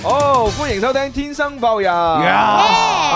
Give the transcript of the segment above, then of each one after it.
好、oh，歡迎收聽天生報人，啊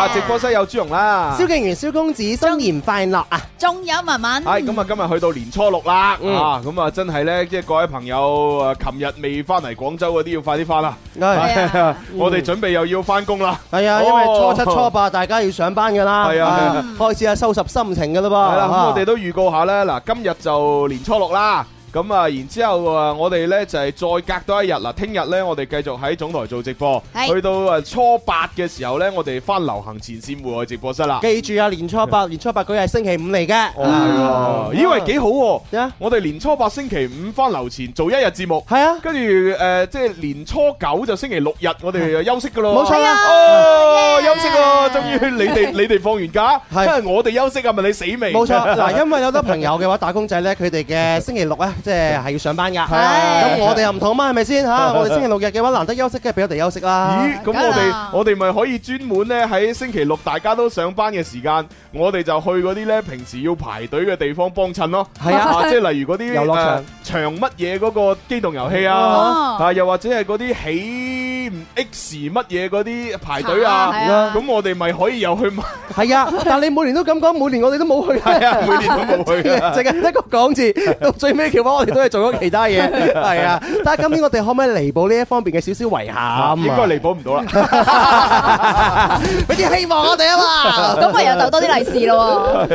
，yeah. Yeah. 直播室有朱容啦，蕭敬元蕭公子新年快樂啊，仲有文文，係咁啊，今日去到年初六啦，mm. 啊，咁啊真係咧，即係各位朋友啊，琴日未翻嚟廣州嗰啲要快啲翻啦，yeah. yeah. mm. 我哋準備又要翻工啦，係啊，因為初七初八大家要上班噶啦，係啊，開始啊收拾心情噶啦噃，係啦，咁我哋都預告下咧，嗱，今日就年初六啦。咁啊，然之後啊，我哋咧就係再隔多一日啦，聽日咧我哋繼續喺總台做直播，去到啊初八嘅時候咧，我哋翻流行前線戶外直播室啦。記住啊，年初八，年初八嗰日係星期五嚟嘅。哦，咦、嗯，喂，幾、嗯、好喎？我哋年初八星期五翻流前做一日節目。係啊，跟住誒，即係年初九就星期六日，我哋休息㗎咯。冇錯啊，哦，yeah. 休息喇，終於你哋 你哋放完假，因為我哋休息啊，咪你死未？冇錯，嗱，因為有得朋友嘅話， 打工仔咧，佢哋嘅星期六即係係要上班噶，咁我哋又唔同嘛，係咪先吓？我哋星期六日嘅話難得休息，梗係俾我哋休息啦。咦？咁我哋我哋咪可以專門咧喺星期六大家都上班嘅時間，我哋就去嗰啲咧平時要排隊嘅地方幫襯咯。係啊，即係例如嗰啲遊樂場長乜嘢嗰個機動遊戲啊，啊又或者係嗰啲起。X 乜嘢嗰啲排隊啊？咁我哋咪可以又去買？係啊，但你每年都咁講，每年我哋都冇去。係啊，每年都冇去，淨係得個講字到最尾橋彎，我哋都係做咗其他嘢。係啊，但係今年我哋可唔可以彌補呢一方面嘅少少遺憾？應該彌補唔到啦。俾啲希望我哋啊嘛，咁咪又逗多啲利是咯。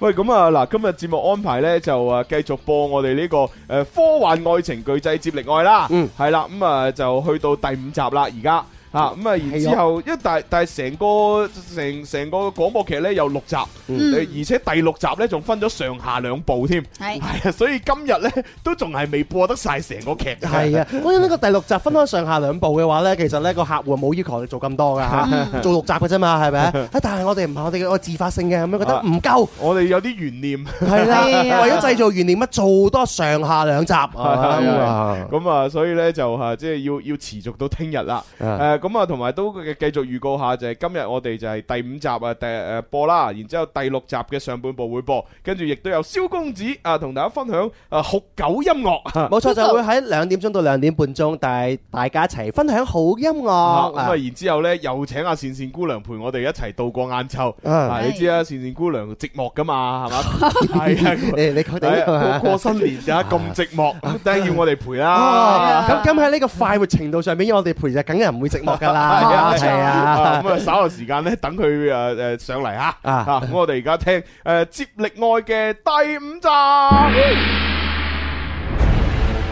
喂，咁啊嗱，今日節目安排咧就啊繼續播我哋呢個誒科幻愛情巨製《接力愛》啦。嗯，係啦，咁啊就去到。到第五集啦，而家。啊，咁、嗯、啊、嗯嗯，然之後、啊，因為但係但係成個成成個廣播劇咧，有六集，嗯，而且第六集咧仲分咗上下兩部添，係、嗯，所以今日咧都仲係未播得晒成個劇。係啊，咁呢個第六集分開上下兩部嘅話咧，其實咧個客戶冇要求你做咁多噶，啊嗯，做六集嘅啫嘛，係咪、啊？但係我哋唔係我哋嘅我自發性嘅咁樣覺得唔夠，我哋有啲懸念，係啦，啊，哈哈為咗製造懸念，乜做多上下兩集啊？咁啊、嗯嗯嗯，所以咧就即係要要持續到聽日啦，啊啊咁、嗯、啊，同埋都繼續預告下，就係、是、今日我哋就係第五集啊，第誒、呃、播啦，然之後第六集嘅上半部會播，跟住亦都有蕭公子啊，同大家分享啊酷狗音樂，冇錯，就會喺兩點鐘到兩點半鐘，但係大家一齊分享好音樂。咁、嗯嗯、啊，然之後咧又請阿倩倩姑娘陪我哋一齊度過晏晝、啊啊啊。你知啊，倩倩姑娘寂寞噶嘛，係 嘛是的？係、 哎、啊，你佢哋過過新年而、啊、咁、啊、寂寞，梗、啊、係、啊、要我哋陪啦、啊。咁咁喺呢個快活程度上面，我哋陪就梗係唔會寂寞。得啦，係啊，咁啊，啊，啊，啊，啊，稍後時間咧，等佢誒誒上嚟吓，啊，咁我哋而家聽誒、呃、接力愛嘅第五集。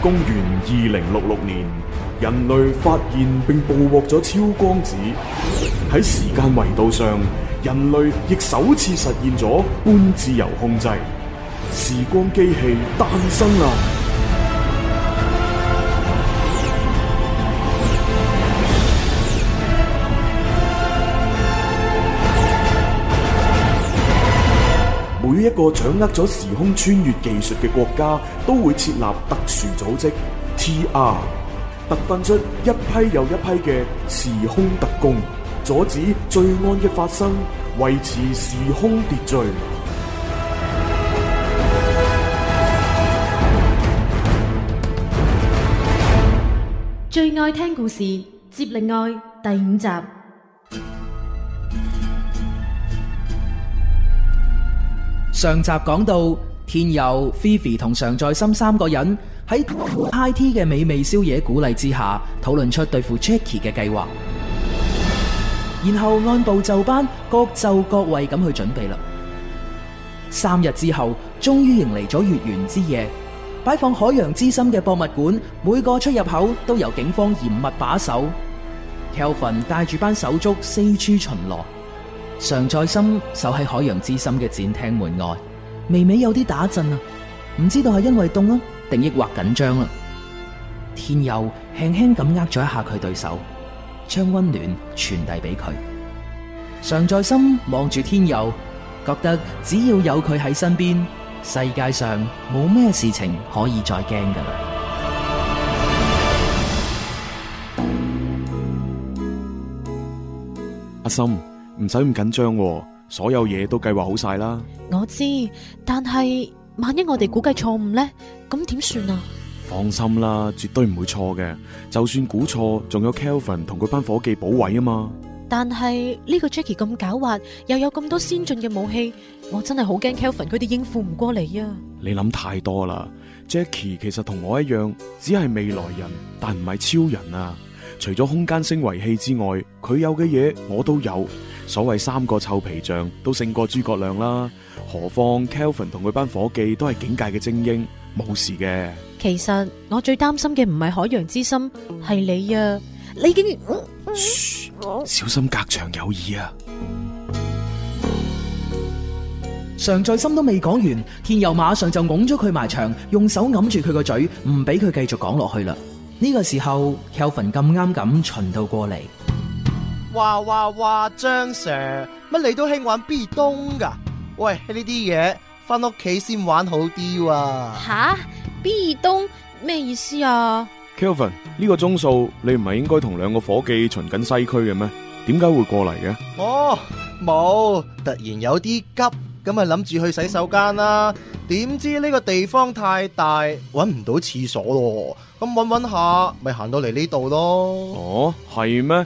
公元二零六六年，人類發現並捕獲咗超光子，喺時間維度上，人類亦首次實現咗半自由控制，時光機器誕生啦。一個掌握咗時空穿越技術嘅國家，都會設立特殊組織 TR，特訓出一批又一批嘅時空特工，阻止罪案嘅發生，維持時空秩序。最愛聽故事，接力愛第五集。上集講到天佑、Fifi 同常在心三個人喺 IT 嘅美味宵夜鼓勵之下，討論出對付 Jacky 嘅計劃，然後按部就班，各就各位咁去準備啦。三日之後，終於迎嚟咗月圓之夜，擺放海洋之心嘅博物館，每個出入口都由警方嚴密把守。Kelvin 帶住班手足四處巡邏。常在心守喺海洋之心嘅展廳門外，微微有啲打震啊，唔知道係因為凍啊定抑或緊張啦。天佑輕輕咁握咗一下佢對手，將溫暖傳遞俾佢。常在心望住天佑，覺得只要有佢喺身邊，世界上冇咩事情可以再驚噶啦。阿心。唔使咁緊張，所有嘢都計劃好晒啦。我知，但係萬一我哋估計錯誤呢，咁點算啊？放心啦，絕對唔會錯嘅。就算估錯，仲有 Kelvin 同佢班伙計補位啊嘛。但係呢個 Jackie 咁狡猾，又有咁多先進嘅武器，我真係好驚 Kelvin 佢哋應付唔過嚟啊。你諗太多啦，Jackie 其實同我一樣，只係未來人，但唔係超人啊。除咗空間升維器之外，佢有嘅嘢我都有。所謂三個臭皮匠都勝過諸葛亮啦，何況 Kelvin 同佢班伙計都係警界嘅精英，冇事嘅。其實我最擔心嘅唔係海洋之心，係你啊！你竟然……噓，小心隔牆有耳啊！常在心都未講完，天佑馬上就拱咗佢埋牆，用手揞住佢個嘴，唔俾佢繼續講落去啦。呢個時候 Kelvin 咁啱咁巡到過嚟。哇哇哇張 Sir 乜你都興玩 B 東噶？喂呢啲嘢翻屋企先玩好啲啊！吓 B 東咩意思啊？Kelvin 呢個鐘數你唔係應該同兩個伙計巡緊西區嘅咩？點解會過嚟嘅？哦，冇，突然有啲急咁啊，諗住去洗手間啦，點知呢個地方太大，搵唔到廁所咯。咁搵搵下咪行到嚟呢度咯。哦，係咩？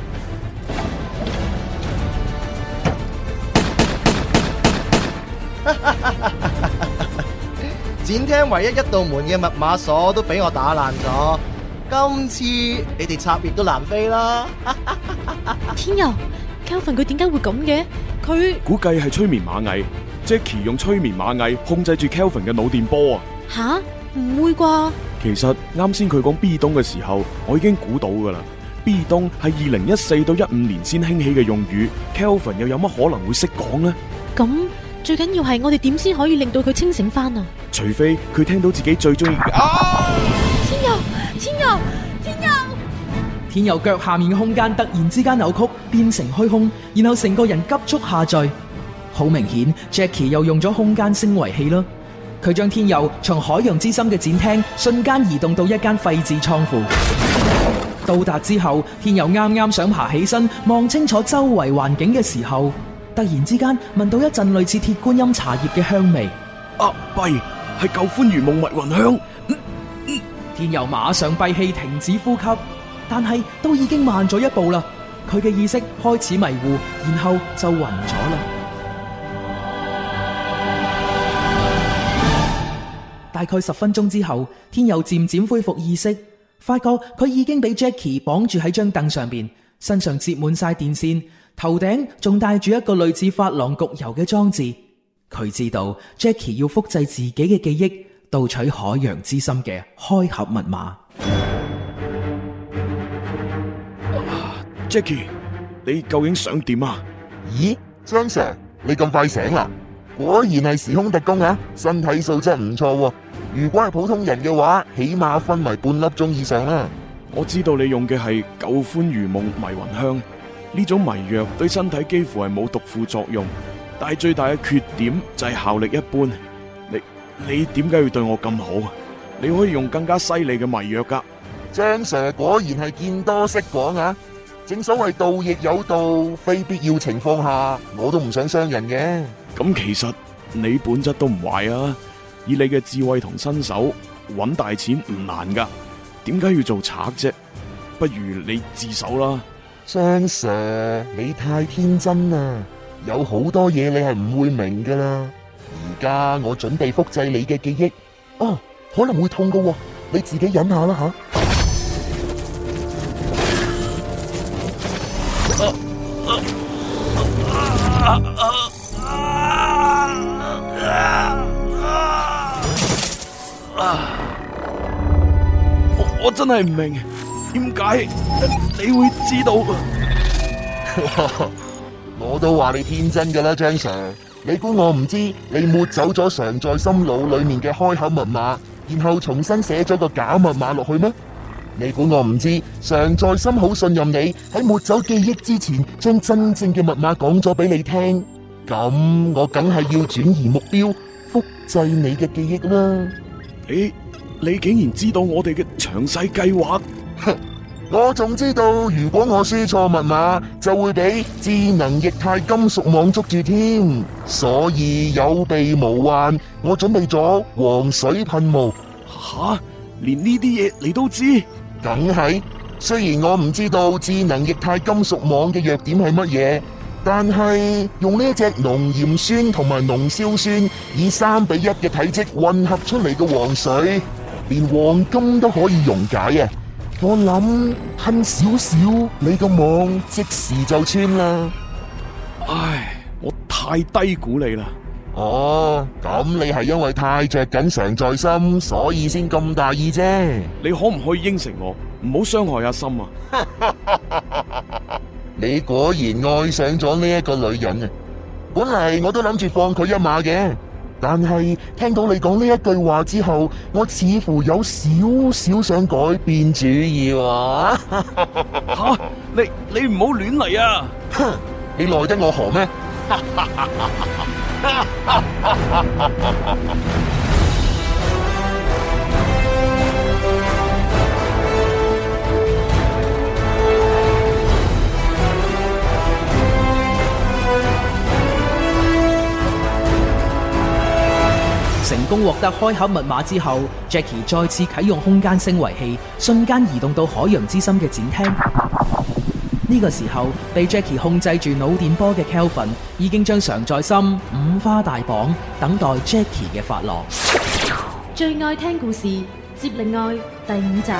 展廳唯一一道門嘅密碼鎖都俾我打爛咗，今次你哋插翼都難飛啦！ 天佑，Kelvin 佢點解會咁嘅？佢估計係催眠螞蟻，Jackie 用催眠螞蟻控制住 Kelvin 嘅腦電波啊！吓，唔會啩？其實啱先佢講 B 棟嘅時候，我已經估到噶啦。B 棟係二零一四到一五年先興起嘅用語，Kelvin 又有乜可能會識講呢？咁。最緊要係我哋點先可以令到佢清醒翻啊？除非佢聽到自己最中意嘅。天佑，天佑，天佑！天佑腳下面嘅空間突然之間扭曲，變成虛空，然後成個人急速下墜。好明顯，Jackie 又用咗空間升維器啦。佢將天佑從海洋之心嘅展廳瞬間移動到一間廢置倉庫。到達之後，天佑啱啱想爬起身望清楚周圍環境嘅時候。突然之間，聞到一陣類似鐵觀音茶葉嘅香味。啊，弊，係舊歡如夢，迷魂香。嗯嗯。天佑馬上閉氣停止呼吸，但係都已經慢咗一步啦。佢嘅意識開始迷糊，然後就暈咗啦。大概十分鐘之後，天佑漸漸恢復意識，發覺佢已經俾 Jackie 綁住喺張凳上邊，身上接滿晒電線。頭頂仲戴住一個類似發廊焗油嘅裝置，佢知道 Jackie 要複製自己嘅記憶，盜取海洋之心嘅開合密碼。Jackie，你究竟想點啊？咦，張 Sir，你咁快醒啦、啊？果然係時空特工啊！身體素質唔錯喎。如果係普通人嘅話，起碼昏迷半粒鐘以上啦、啊。我知道你用嘅係舊歡如夢迷魂香。呢種迷藥對身體幾乎係冇毒副作用，但係最大嘅缺點就係效力一般。你你點解要對我咁好？你可以用更加犀利嘅迷藥噶。張 Sir 果然係見多識廣啊！正所謂盜亦有道，非必要情況下，我都唔想傷人嘅。咁其實你本質都唔壞啊！以你嘅智慧同身手，揾大錢唔難噶。點解要做賊啫？不如你自首啦！張 Sir，你太天真啦，有好多嘢你係唔會明噶啦。而家我準備複製你嘅記憶，哦，可能會痛噶，你自己忍下啦吓。啊啊啊啊啊啊啊啊啊！我我真係唔明。點解你會知道？ 我都話你天真噶啦，張 Sir，你估我唔知？你抹走咗常在心腦裏面嘅開口密碼，然後重新寫咗個假密碼落去咩？你估我唔知？常在心好信任你，喺抹走記憶之前，將真正嘅密碼講咗俾你聽。咁我梗係要轉移目標，複製你嘅記憶啦。咦？你你竟然知道我哋嘅詳細計劃？我仲知道，如果我輸錯密碼，就會俾智能液態金屬網捉住添。所以有備無患，我準備咗黃水噴霧。吓，連呢啲嘢你都知？梗係。雖然我唔知道智能液態金屬網嘅弱點係乜嘢，但係用呢隻濃鹽酸同埋濃硝酸以三比一嘅體積混合出嚟嘅黃水，連黃金都可以溶解啊！我諗恨少少，你個網即時就穿啦！唉，我太低估你啦！哦，咁你係因為太着緊常在心，所以先咁大意啫。你可唔可以應承我，唔好傷害阿心啊？ 你果然愛上咗呢一個女人啊！本嚟我都諗住放佢一馬嘅。但係聽到你講呢一句話之後，我似乎有少少想改變主意。哈、 啊，你你唔好亂嚟啊！哼， 你耐得我何咩？ 成功獲得開口密碼之後，Jackie 再次啟用空間升維器，瞬間移動到海洋之心嘅展廳。呢 個時候，被 Jackie 控制住腦電波嘅 Kelvin 已經將常在心五花大綁，等待 Jackie 嘅發落。最愛聽故事，接力愛第五集。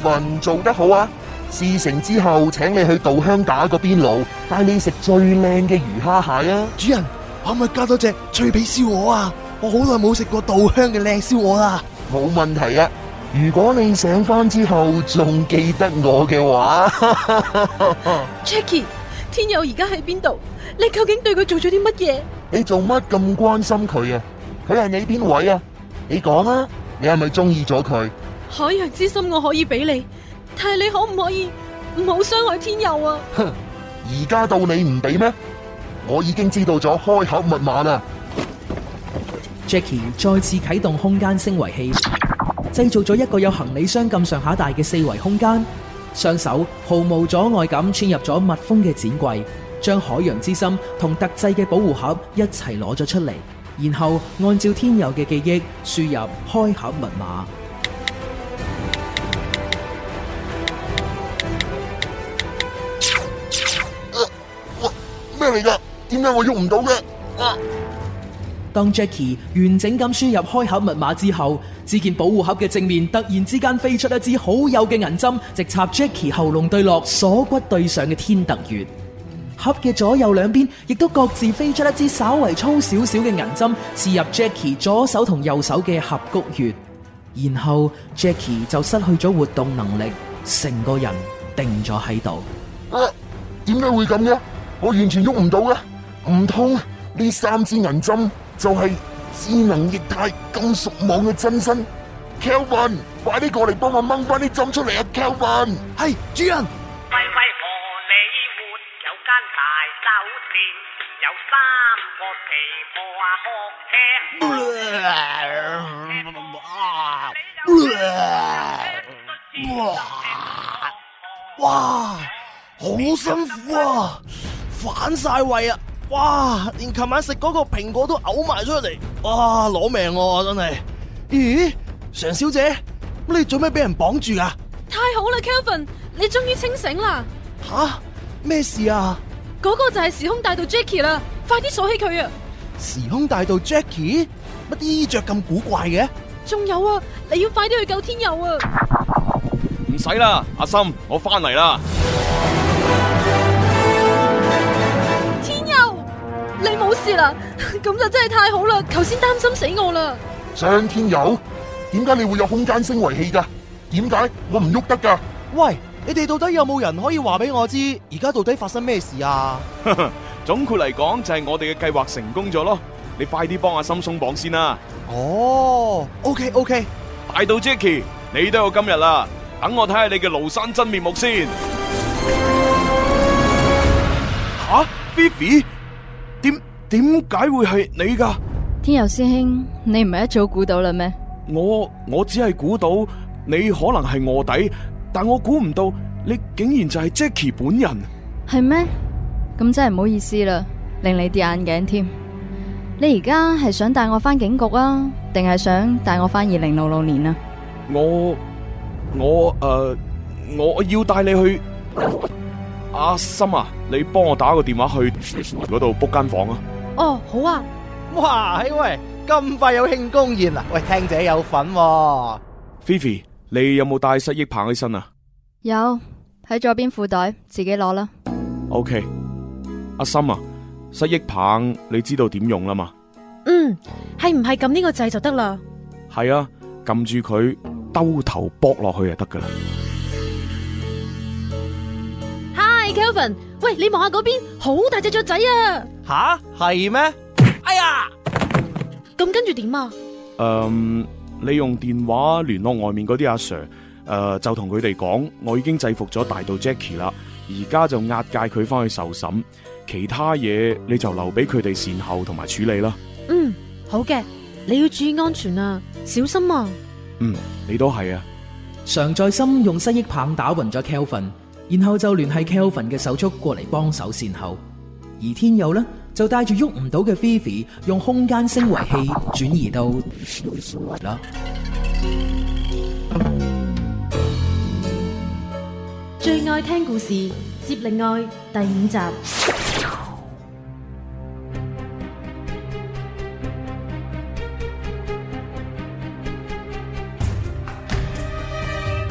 John 做得好啊！事成之後，請你去稻香打個邊爐，帶你食最靚嘅魚蝦蟹啊！主人，可唔可以加多隻脆皮燒鵝啊？我好耐冇食過稻香嘅靚燒鵝啦！冇問題啊！如果你醒翻之後仲記得我嘅話 ，Jackie，天佑而家喺邊度？你究竟對佢做咗啲乜嘢？你做乜咁關心佢啊？佢係你邊位啊？你講啊！你係咪中意咗佢？海洋之心我可以俾你，但係你可唔可以唔好傷害天佑啊？哼，而家到你唔俾咩？我已經知道咗開盒密碼啦。Jackie 再次啟動空間升維器，製造咗一個有行李箱咁上下大嘅四維空間。雙手毫無阻礙咁穿入咗密封嘅展櫃，將海洋之心同特製嘅保護盒一齊攞咗出嚟，然後按照天佑嘅記憶輸入開盒密碼。點解我喐唔到嘅？當 Jackie 完整咁輸入開口密碼之後，只見保護盒嘅正面突然之間飛出一支好幼嘅銀針，直插 Jackie 喉嚨對落鎖骨對上嘅天突穴。盒嘅左右兩邊亦都各自飛出一支稍微粗少少嘅銀針，刺入 Jackie 左手同右手嘅合谷穴。然後 Jackie 就失去咗活動能力，成個人定咗喺度。啊、點解會咁樣？我完全喐唔到噶，唔通呢三支銀針就係智能液態金屬網嘅真身？Kelvin，快啲過嚟幫我掹翻啲針出嚟啊！Kelvin，係主人。喂喂荷里活有間大酒店，有三個肥婆啊哭天。哇，好辛苦啊！反晒胃啊！哇，連琴晚食嗰個蘋果都嘔埋出嚟！哇，攞命喎真係。咦，常小姐，咁你做咩俾人綁住啊？太好啦，Calvin，你終於清醒啦！吓、啊，咩事啊？嗰、嗰個就係時空大道 Jackie 啦，快啲鎖起佢啊！時空大道 Jackie，乜衣着咁古怪嘅？仲有啊，你要快啲去救天佑啊！唔使啦，阿心，我翻嚟啦。你冇事啦，咁 就真係太好啦！頭先擔心死我啦。張天佑，點解你會有空間星遺器噶？點解我唔喐得噶？喂，你哋到底有冇人可以話俾我知，而家到底發生咩事啊？ 總括嚟講，就係、是、我哋嘅計劃成功咗咯。你快啲幫阿心鬆綁先啦。哦、oh，OK OK，大到 Jackie，你都有今日啦。等我睇下你嘅廬山真面目先。吓、啊，Fifi。Vivi？點點解會係你噶？天佑師兄，你唔係一早估到啦咩？我我只係估到你可能係臥底，但我估唔到你竟然就係 Jackie 本人。係咩？咁真係唔好意思啦，令你跌眼鏡添。你而家係想帶我翻警局啊，定係想帶我翻二零六六年啊？我我誒，我要帶你去。阿森啊，你幫我打個電話去嗰度 book 間房啊。哦，好啊。哇，嘿喂，咁快有慶功宴啊？喂，聽者有份啊。Fifi，你有冇帶失憶棒喺身啊？有，喺左邊褲袋，自己攞啦。OK。阿森啊，失憶棒你知道點用啦嘛？嗯，係唔係撳呢個掣就得啦？係啊，撳住佢，兜頭扑落去就得噶啦。Kelvin 喂，你望下嗰邊，好大隻雀仔啊！吓，係咩？哎呀，咁跟住點啊？嗯，你用電話聯絡外面嗰啲阿 Sir，誒，就同佢哋講，我已經制服咗大盜 Jackie 啦，而家就押解佢翻去受審，其他嘢你就留俾佢哋善後同埋處理啦。嗯，好嘅，你要注意安全啊，小心啊。嗯，你都係啊。常在心用失憶棒打暈咗 Kelvin 然後就聯繫 Kelvin 嘅手足過嚟幫手善後，而天佑呢，就帶住喐唔到嘅 Fifi 用空間升維器轉移到啦。 最愛聽故事接力愛第五集。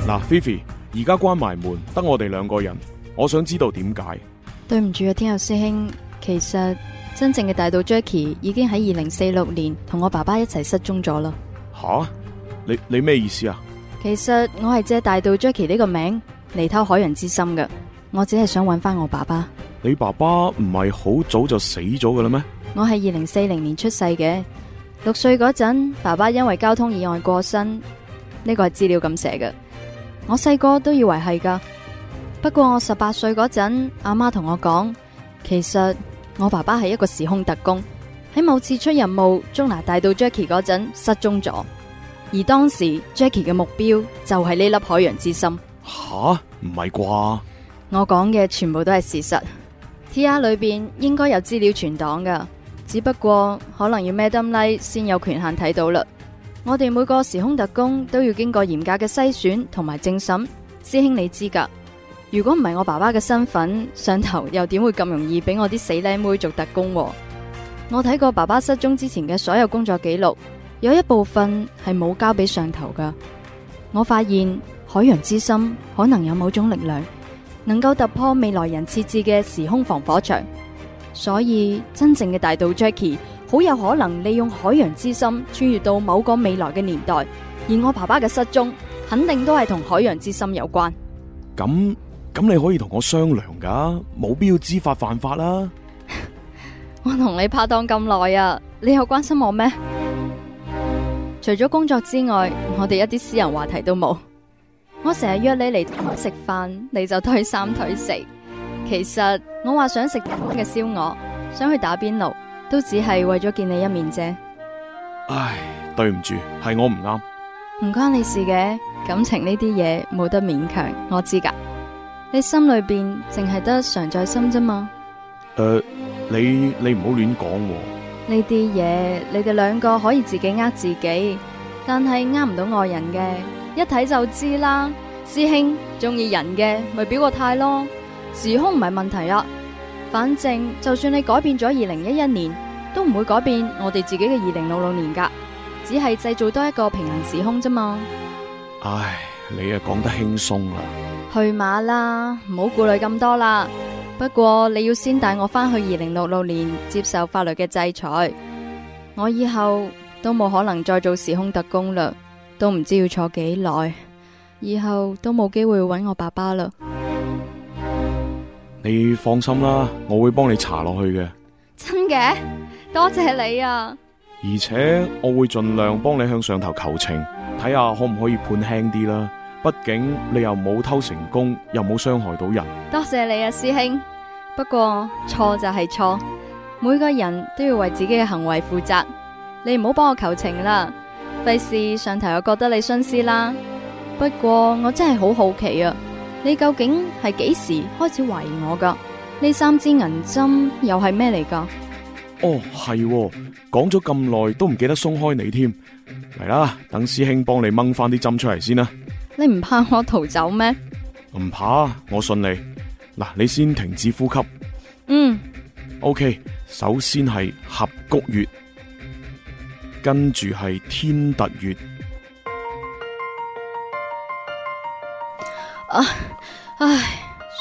嗱，Fifi。Vivi 而家關埋門，得我哋兩個人。我想知道點解？對唔住啊，天佑師兄，其實真正嘅大道 Jackie 已經喺二零四六年同我爸爸一齊失蹤咗啦。吓？你你咩意思啊？其實我係借大道 Jackie 呢個名嚟偷海洋之心嘅，我只係想揾翻我爸爸。你爸爸唔係好早就死咗嘅咩？我喺二零四零年出世嘅，六歲嗰陣，爸爸因為交通意外過身。呢個係資料咁寫嘅。我細個都以為係噶，不過我十八歲嗰陣，阿媽同我講，其實我爸爸係一個時空特工，喺某次出任務中拿帶到 Jackie 嗰陣失蹤咗，而當時 Jackie 嘅目標就係呢粒海洋之心。吓，唔係啩？我講嘅全部都係事實。T.R. 裏邊應該有資料存檔噶，只不過可能要 Madam Li 先有權限睇到啦。我哋每個時空特工都要經過嚴格嘅篩選同埋政審，師兄你知噶。如果唔係我爸爸嘅身份，上頭又點會咁容易俾我啲死靚妹做特工？我睇過爸爸失蹤之前嘅所有工作記錄，有一部分係冇交俾上頭噶。我發現海洋之心可能有某種力量，能夠突破未來人設置嘅時空防火牆，所以真正嘅大盜 Jackie，好有可能利用海洋之心穿越到某個未來嘅年代，而我爸爸嘅失蹤肯定都係同海洋之心有關。咁咁，你可以同我商量噶，冇必要知法犯法啦。 我同你拍檔咁耐啊，你有關心我咩？除咗工作之外，我哋一啲私人話題都冇。我成日約你嚟同我食飯，你就推三推四。其實我話想食北方嘅燒鵝，想去打邊爐。都只係為咗見你一面啫。唉，對唔住，係我唔啱。唔關你事嘅，感情呢啲嘢冇得勉強，我知噶。你心裏面淨係得常在心啫嘛。誒、呃，你你唔好亂講，哦。呢啲嘢你哋兩個可以自己呃自己，但係呃唔到外人嘅，一睇就知啦。師兄中意人嘅，咪表個態咯。時空唔係問題啊。反正就算你改變咗二零一一年，都唔會改變我哋自己嘅二零六六年噶，只係製造多一個平行時空啫嘛。唉，你啊講得輕鬆啦。去馬啦，唔好顧慮咁多啦。不過你要先帶我返去二零六六年接受法律嘅制裁，我以後都冇可能再做時空特工嘞，都唔知要坐幾耐，以後都冇機會揾我爸爸嘞。你放心啦，我會幫你查落去嘅。真嘅？多謝你啊！而且我會盡量幫你向上頭求情，睇下可唔可以判輕啲啦。畢竟你又冇偷成功，又冇傷害到人。多謝你啊，師兄。不過錯就係錯，每個人都要為自己嘅行為負責。你唔好幫我求情啦，費事上頭又覺得你徇私啦。不過我真係好好奇啊！你究竟係幾時開始懷疑我噶？呢三支銀針又係咩嚟噶？哦，係喎，講咗咁耐都唔記得鬆開你添，嚟啦，等師兄幫你掹翻啲針出嚟先啦。你唔怕我逃走咩？唔怕，我信你。嗱，你先停止呼吸。嗯。OK，首先係合谷穴，跟住係天突穴。唉、啊、唉，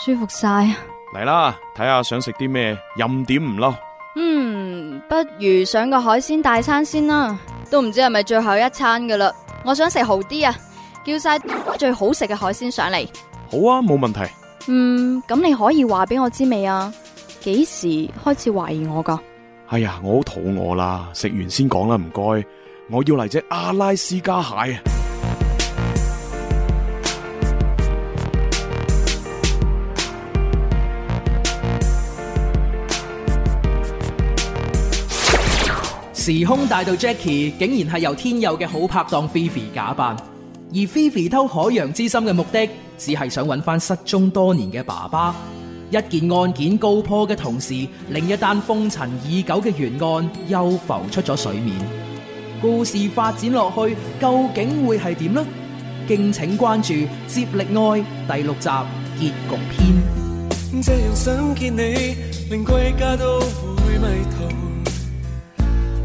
舒服晒啊！嚟啦，睇下，想食啲咩，任點唔嬲。嗯，不如上個海鮮大餐先啦，都唔知係咪最後一餐噶啦。我想食好啲啊，叫晒最好食嘅海鮮上嚟。好啊，冇問題。嗯，咁你可以話俾我知未啊？幾時開始懷疑我噶？哎呀，我好肚餓啦，食完先講啦，唔該。我要嚟隻阿拉斯加蟹啊！時空大道 Jackie 竟然係由天佑嘅好拍檔 Fifi 假扮，而 Fifi 偷海洋之心嘅目的只係想搵返失蹤多年嘅爸爸。一件案件告破嘅同時，另一單封塵已久嘅懸案又浮出咗水面。故事發展落去，究竟會係點呢？敬請關注《接力愛》第六集結局篇。這樣想見你，令歸家都會迷途。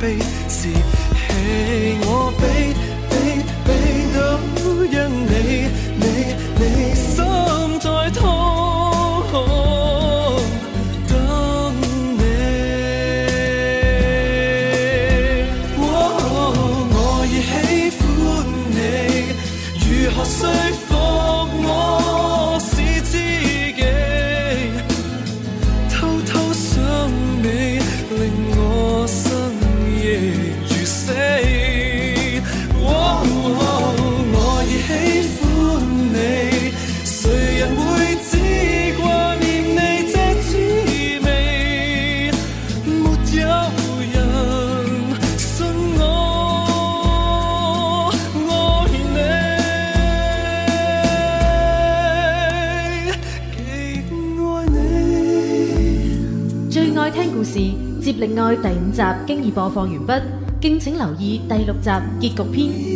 被嫌棄我悲悲悲，都因你你你心在痛苦故事接力愛第五集經已播放完畢，敬請留意第六集結局篇。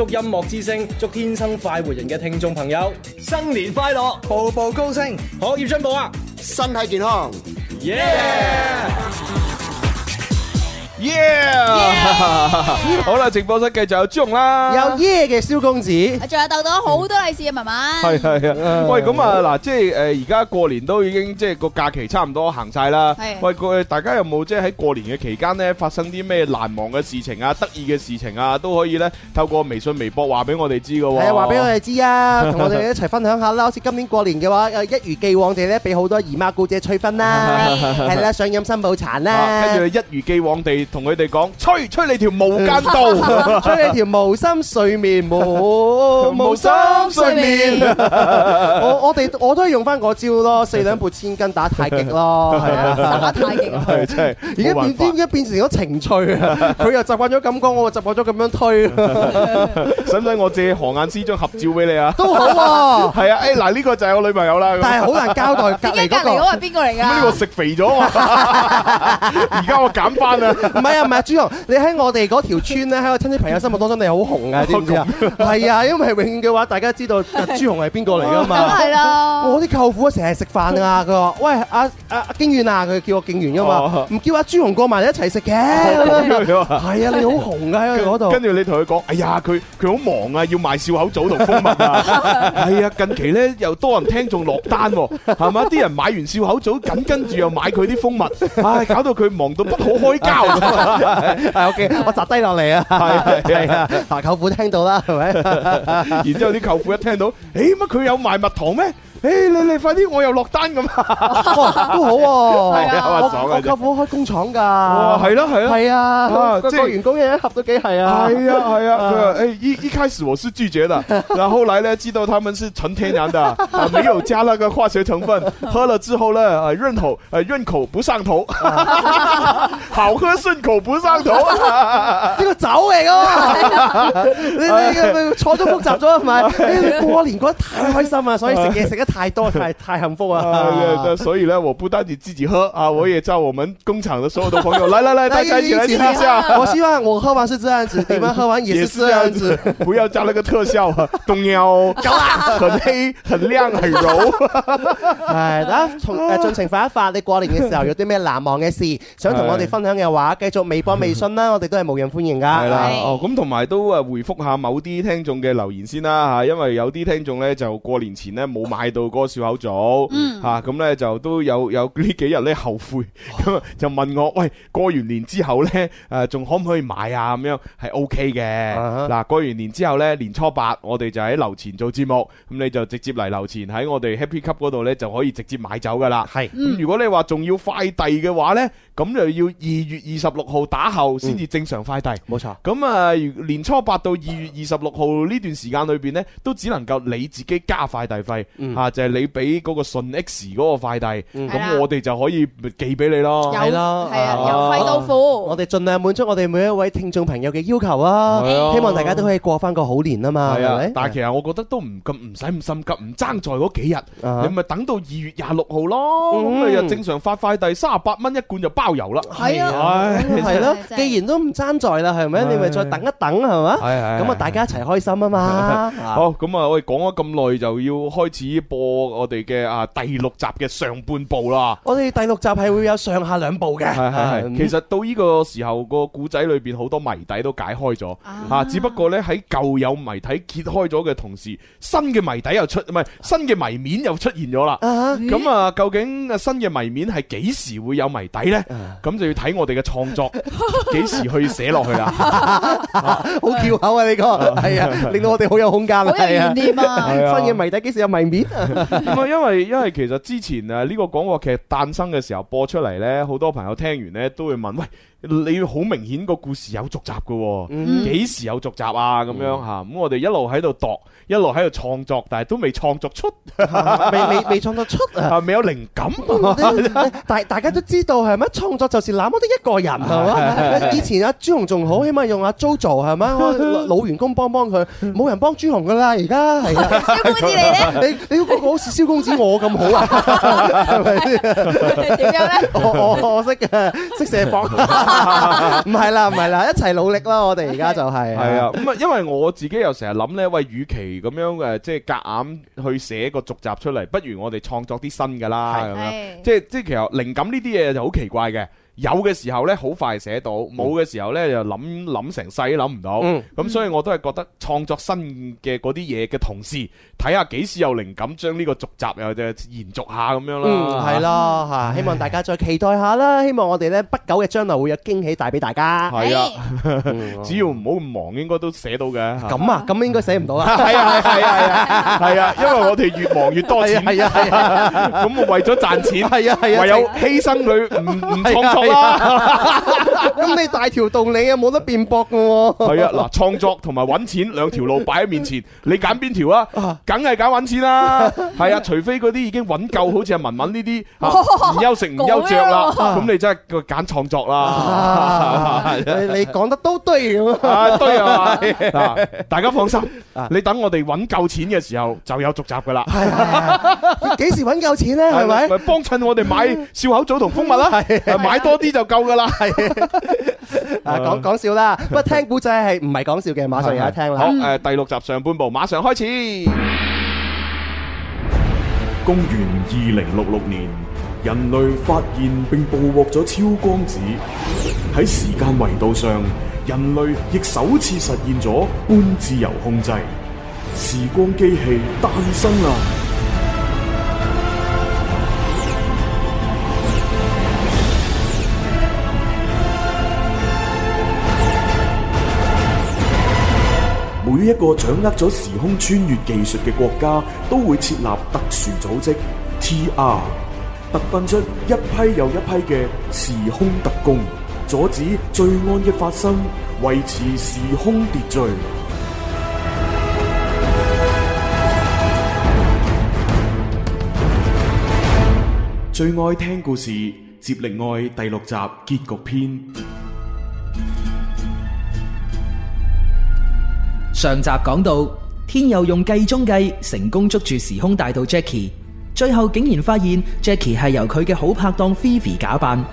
祝音樂之聲、祝天生快活人嘅聽眾朋友，新年快樂，步步高升，學業進步啊，身體健康，耶、yeah！Yeah，好啦，直播室繼續有張龍啦，有 Yeah 嘅蕭公子，仲有逗到好多利是啊，文文。係係啊，喂，咁啊嗱，即係誒而家過年都已經即係個假期差唔多行曬啦。係，喂，各位大家有冇即係喺過年嘅期間咧發生啲咩難忘嘅事情啊、得意嘅事情啊都可以咧透過微信、微博話俾我哋知㗎喎。係啊，話俾我哋知啊，同我哋一齊分享下啦。好似今年過年嘅話，誒一如既往地咧俾好多姨媽姑姐催婚啦，係啦，想飲新抱茶啦，跟住一如既往地。同佢哋講，吹吹你條無間道，吹你條無， 無心睡眠，無無心睡眠。 我我哋我都係用翻嗰招咯，四兩撥千斤打太極咯，係 啊，打太極啊，係 係。而、就、家、是、變變成咗情趣，佢又習慣咗咁講，我又習慣咗咁樣推。使唔使我借何雁詩張合照俾你啊？都好啊，係 啊，誒、哎、嗱，呢、這個就係我女朋友啦。 但係好難交代隔籬、那個、隔度，嗰個邊個嚟噶？呢個食肥咗啊，而家我減翻啦。 唔 係啊，唔係啊，朱紅，你喺我哋嗰條村咧，喺我親戚朋友心目當中，你好紅嘅，啊，知唔知啊？係啊，因為係永遠嘅話，大家知道，啊、朱紅係邊個嚟噶嘛？係 啦，哦。我啲舅父成日食飯啊，佢話：喂，阿阿阿敬源啊，佢，啊啊、叫我敬源噶嘛，唔 叫阿，啊、朱紅過埋嚟一齊食嘅。係啊， 啊，你好紅啊喺度。 跟住你同佢講：哎呀，佢佢好忙啊，要賣笑口棗同蜂蜜啊。係 啊、 哎，近期咧又多人聽眾落單喎，啊，係 嘛？啲人買完笑口棗，緊跟住又買佢啲蜂蜜，唉、 哎，搞到佢忙到不可開交。 係 OK， 我砸低落嚟啊！係係啊，嗱，舅父聽到啦，係咪？然之後啲舅父一聽到，誒乜佢有賣蜜糖咩？誒、欸，你你快啲，我又落單咁，都好喎、啊啊。我舅父開工廠噶，係咯係咯，係啊，即係員工嘅一盒都幾係啊。係啊係啊，誒、啊啊啊啊啊啊欸，一一開始我是拒絕的， 然後，後來咧知道他們是純天然的，啊， 沒有加那個化學成分， 喝了之後咧，啊，潤口，啊，潤口不上頭， 好喝順口不上頭，呢 個酒嚟咯、啊， 你你錯咗複雜咗，係咪？你 過年過得太開心啦， 所以食嘢食得。太多太太幸福啊！所以呢，我不單止自己喝啊，我也叫我們工廠的所有的朋友 來來來，大家一起來試一下。 我希望我喝完是這樣子，你 們喝完也是這樣子，樣子不要加那個特效 很亮 很亮 啊！冬喵，啊！很黑、很亮、很柔。係啦，同誒盡情發一發。你過年嘅時候有啲咩難忘嘅事， 想同我哋分享嘅話，繼續微博、微信啦、啊， 我哋都係無人歡迎噶。係啦，哦，咁同埋都誒回覆下某啲聽眾嘅留言先啦、啊、吓，因為有啲聽眾咧就過年前呢，冇買到。 做、嗰個笑口棗，吓咁咧就都有有呢幾日咧後悔，咁 就問我喂過完年之後咧誒仲可唔可以買啊？咁樣係 O K 嘅，嗱、OK 啊啊、過完年之後咧年初八我哋就喺樓前做節目，咁你就直接嚟樓前喺我哋 Happy Cup 嗰度咧就可以直接買走噶啦。係，咁、嗯、如果你話仲要快遞嘅話咧，咁就要二月二十六號打後先至正常快遞。冇、嗯、錯，咁啊年初八到二月二十六號呢段時間裏邊咧，都只能夠你自己加快遞費，吓、嗯。啊就係你俾嗰個順 X 嗰個快遞，咁我哋就可以寄俾你咯。係啦，係啊，由快到付。我哋盡量滿足我哋每一位聽眾朋友嘅要求啊！希望大家都可以過翻個好年啊嘛。係咪？但係其實我覺得都唔咁唔使咁心急，唔爭在嗰幾日，你咪等到二月廿六號咯。咁你就正常發快遞，三十八蚊一罐就包郵啦。係啊，係啦，既然都唔爭在啦，係咪？你咪再等一等係嘛？咁啊，大家一齊開心啊嘛。好，咁啊，我哋，講咗咁耐就要開始播。哦、我我哋嘅啊第六集嘅上半部啦，我哋第六集係會有上下兩部嘅，係、嗯、係。其實到呢個時候個古仔裏邊好多謎底都解開咗，啊，只不過咧喺舊有謎底揭開咗嘅同時，新嘅謎底又出，唔係新嘅謎面又出現咗啦。咁啊，啊，究竟啊新嘅謎面係幾時會有謎底咧？咁、啊、就要睇我哋嘅創作幾 時去寫落去啦、 啊。好巧口啊！呢個係啊，令到我哋好有空間、啊、好有懸念啊、新嘅謎底幾時有謎面？ 咁啊，因為因為其實之前啊呢個廣播劇誕生嘅時候播出嚟呢，好多朋友聽完呢都會問喂。你要好明顯個故事有續集噶，幾、嗯、時有續集啊？咁、嗯、樣吓，咁我哋一路喺度度，一路喺度創作，但係都未創作出，啊、未未創作出啊！啊未有靈感、啊啊啊，大家、啊、大家都知道係咪創作就是那麼的一個人，係、啊、以前阿、啊啊、朱紅仲好，起碼用阿 JoJo 係咪？我老員工幫幫佢，冇人幫朱紅噶啦，而家係燒公子你呢，你你個個好似燒公子 我咁好啊？係咪先？點樣咧？我我識嘅，識射房。 唔係 啦，唔係啦，一齊努力啦！我哋而家就係係啊，咁啊、 嗯，因為我自己又成日諗呢，喂、哎，與其咁樣嘅，即係夾硬去寫個續集出嚟，不如我哋創作啲新噶啦，咁樣，即係即係，其實靈感呢啲嘢就好奇怪嘅。有嘅時候咧，好快寫到；冇嘅時候咧，就諗諗成世都諗唔到。咁所以我都係覺得創作新嘅嗰啲嘢嘅同時，睇下幾時有靈感，將呢個續集又再延續下咁樣啦。係咯，嚇！希望大家再期待下啦。希望我哋咧不久嘅將來會有驚喜帶俾大家。係啊，只要唔好咁忙，應該都寫到嘅。咁啊，咁應該寫唔到啊。係啊，係啊，係啊，係啊，因為我哋越忙越多錢。係啊，係啊。咁我為咗賺錢，唯有犧牲佢唔唔創作。咁、 啊、你大條道理又冇得辯駁嘅喎。係啊，嗱、啊，創作同埋搵錢兩條路擺喺面前，你揀邊條啊？梗係揀搵錢啦、啊。係啊，除非嗰啲已經搵夠，好似阿文文呢啲唔憂食唔憂着啦，咁、啊啊、你真係個揀創作啦、啊啊。你你講得都對咁啊，對啊，啊。大家放心，你等我哋搵夠錢嘅時候就有續集噶啦。係啊，幾、啊、時搵夠錢咧？係咪？幫襯我哋買笑口組同蜂蜜啦，係、啊啊、買多。啲就夠噶啦，講講笑啦、啊，笑 uh，不過聽古仔係唔係講笑嘅？ 馬上有得聽啦。 好，誒、呃，第六集上半部馬上開始。公元二零六六年，人類發現並捕獲咗超光子，喺時間維度上，人類亦首次實現咗半自由控制。時光機器誕生啦。一個掌握咗時空穿越技術嘅國家，都會設立特殊組織 TR，特訓出一批又一批嘅時空特工，阻止罪案嘅發生，維持時空秩序。最愛聽故事《接力愛》第六集結局篇。上集講到，天佑用計中計成功捉住時空大盜 Jackie，最後竟然發現 Jackie 係由佢嘅好拍檔 Fifi 假扮，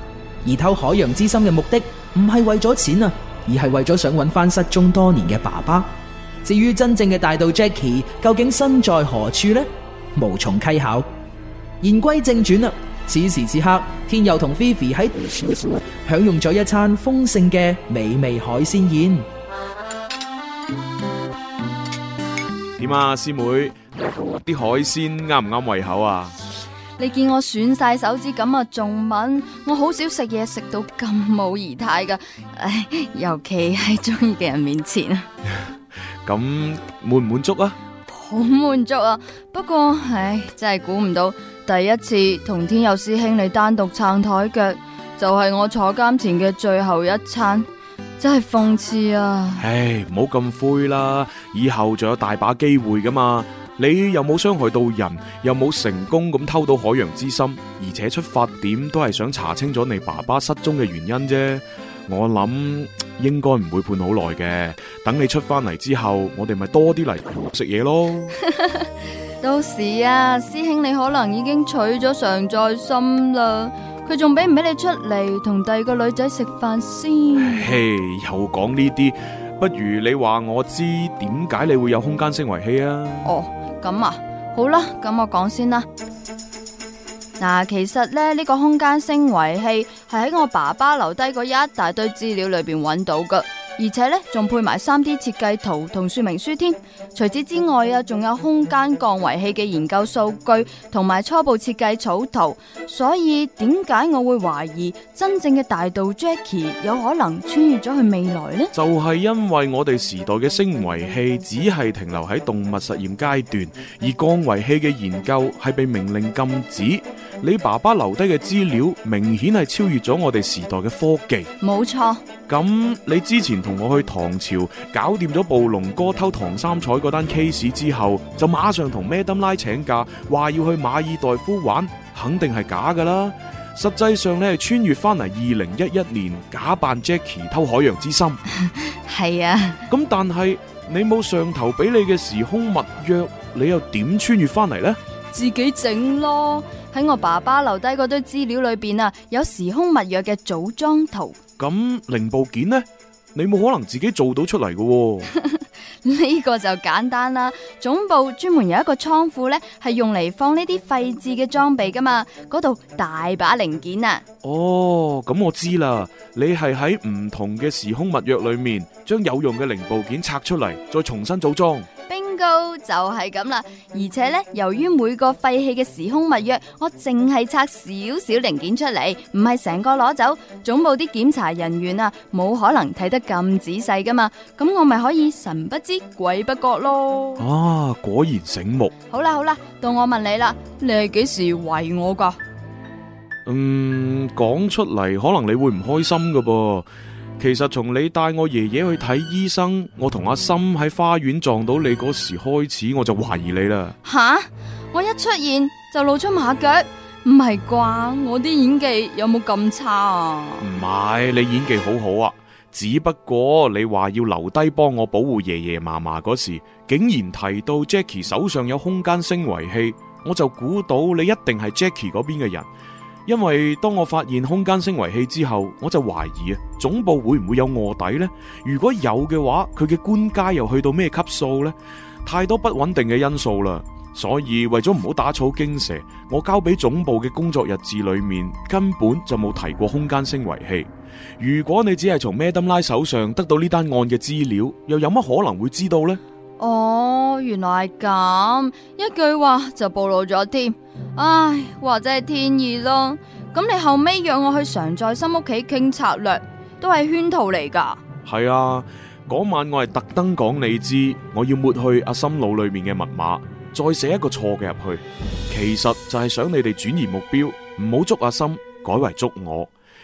而偷海洋之心嘅目的唔係為咗錢啊，而係為咗想揾翻失蹤多年嘅爸爸。至於真正嘅大盜 Jackie 究竟身在何處呢？無從稽考。言歸正傳，此時此刻，天佑同 Fifi 喺享用咗一餐豐盛嘅美味海鮮宴。點啊，師妹，啲海鮮啱唔啱胃口啊？你見我損晒手指咁啊，仲問？我好少食嘢食到咁冇儀態噶，唉，尤其喺中意嘅人面前啊。咁滿唔滿足啊？好滿足啊，不過唉，真係估唔到，第一次同天佑師兄你單獨撐台腳，就係我坐監前嘅最後一餐。真係諷刺啊！唉，唔好咁灰啦，以後仲有大把機會噶嘛。你又冇傷害到人，又冇成功咁偷到海洋之心，而且出發點都係想查清楚你爸爸失蹤嘅原因啫。我諗應該唔會判好耐嘅。等你出翻嚟之後，我哋咪多啲嚟食嘢咯。 到時啊，師兄你可能已經娶咗常在心啦。佢仲俾唔俾你出嚟同第二個女仔食飯先飯？嘿、hey,，又講呢啲，不如你話我知點解你會有空間升維器啊？哦，咁啊，好啦，咁我講先啦。嗱，其實咧呢、這個空間升維器係喺我爸爸留低嗰一大堆資料裏邊揾到噶。而且咧，仲配埋 3D 設計圖同說明書添。除此之外啊，仲有空間降維器嘅研究數據同埋初步設計草圖。所以點解我會懷疑真正嘅大道 Jackie 有可能穿越咗去未來呢？就係因為我哋時代嘅升維器只係停留喺動物實驗階段，而降維器嘅研究係被命令禁止。你爸爸留低嘅資料明顯係超越咗我哋時代嘅科技，冇錯。咁你之前同我去唐朝搞掂咗暴龍哥偷唐三彩嗰單 case 之後，就馬上同咩登拉請假，話要去馬爾代夫玩，肯定係假㗎啦。實際上你係穿越翻嚟二零一一年，假扮 Jacky 偷海洋之心。係 啊。咁但係你冇上頭俾你嘅時空密鑰，你又點穿越翻嚟呢？自己整咯。喺我爸爸留低嗰堆資料裏邊啊，有時空密鑰嘅組裝圖。咁零部件呢？你冇可能自己做到出嚟噶喎。呢 個就簡單啦，總部專門有一個倉庫呢，係用嚟放呢啲廢置嘅裝備噶嘛，嗰度大把零件啊。哦，咁我知啦，你係喺唔同嘅時空密鑰裏面，將有用嘅零部件拆出嚟，再重新組裝。就係咁啦，而且呢，由於每個廢棄嘅時空密鑰，我淨係拆少少零件出嚟，唔係成個攞走，總部啲檢查人員啊，冇可能睇得咁仔細噶嘛，咁我咪可以神不知鬼不覺咯。啊，果然醒目。好啦好啦，到我問你啦，你係幾時懷疑我噶？嗯，講出嚟可能你會唔開心噶噃。其實從你帶我爺爺去睇醫生，我同阿森喺花園撞到你嗰時開始，我就懷疑你啦。吓！我一出現就露出馬腳，唔係啩？我啲演技有冇咁差啊？唔係，你演技好好啊。只不過你話要留低幫我保護爺爺嫲嫲嗰時，竟然提到 Jackie 手上有空間升維器，我就估到你一定係 Jackie 嗰邊嘅人。因為當我發現空間升維器之後，我就懷疑啊，總部會唔會有臥底呢？如果有嘅話，佢嘅官階又去到咩級數呢？太多不穩定嘅因素啦，所以為咗唔好打草驚蛇，我交俾總部嘅工作日誌裏面根本就冇提過空間升維器。如果你只係從咩登拉手上得到呢單案嘅資料，又有乜可能會知道呢？哦，原來係咁，一句話就暴露咗添，唉，或者係天意咯。咁你後尾約我去常在心屋企傾策略，都係圈套嚟噶。係啊，嗰晚我係特登講你知，我要抹去阿心腦裏面嘅密碼，再寫一個錯嘅入去，其實就係想你哋轉移目標，唔好捉阿心，改為捉我。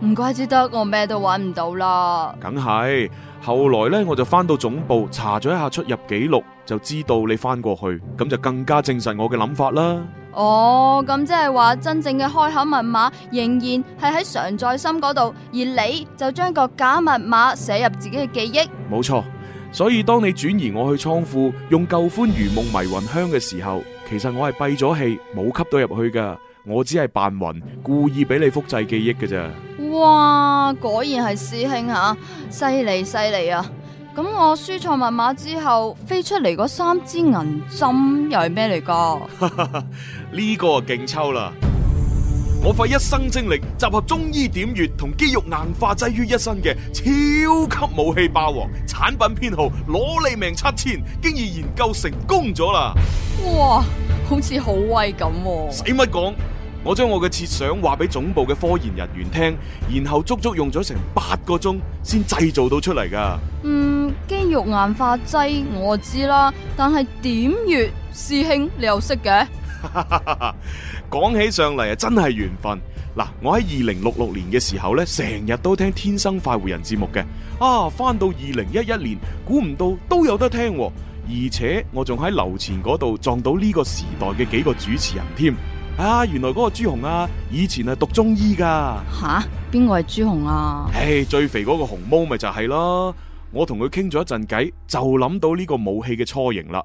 唔怪之得，我咩都揾唔到啦。梗係，後來呢，我就翻到總部查咗一下出入記錄，就知道你翻過去，咁就更加證實我嘅諗法啦。哦，咁即係話真正嘅開口密碼仍然係喺常在心嗰度，而你就將個假密碼寫入自己嘅記憶？冇錯，所以當你轉移我去倉庫用舊歡如夢迷魂香嘅時候，其實我係閉咗氣，冇吸到入去噶，我只係扮暈，故意俾你複製記憶嘅咋。哇，果然係師兄吓，犀利犀利啊！咁、啊、我輸錯密碼之後飛出嚟嗰三支銀針又係咩嚟㗎？呢個啊勁抽啦！我費一生精力集合中醫點穴同肌肉硬化劑於一身嘅超級武器霸王產品編號攞你命七千，竟然研究成功咗啦！哇，好似好威咁、啊！使乜講？我將我嘅設想話俾總部嘅科研人員聽，然後足足用咗成八個鐘先製造到出嚟噶。嗯，肌肉硬化劑我知啦，但係點穴師兄你又識嘅？講 起上嚟啊，真係緣分嗱！我喺二零六六年嘅時候呢，成日都聽《天生快活人》節目嘅啊，翻到二零一一年，估唔到都有得聽，而且我仲喺樓前嗰度撞到呢個時代嘅幾個主持人添。啊，原來嗰個朱紅啊，以前係讀中醫噶。吓，邊個係朱紅啊？唉、啊，最肥嗰個熊貓咪就係咯。我同佢傾咗一陣偈，就諗到呢個武器嘅雛形啦。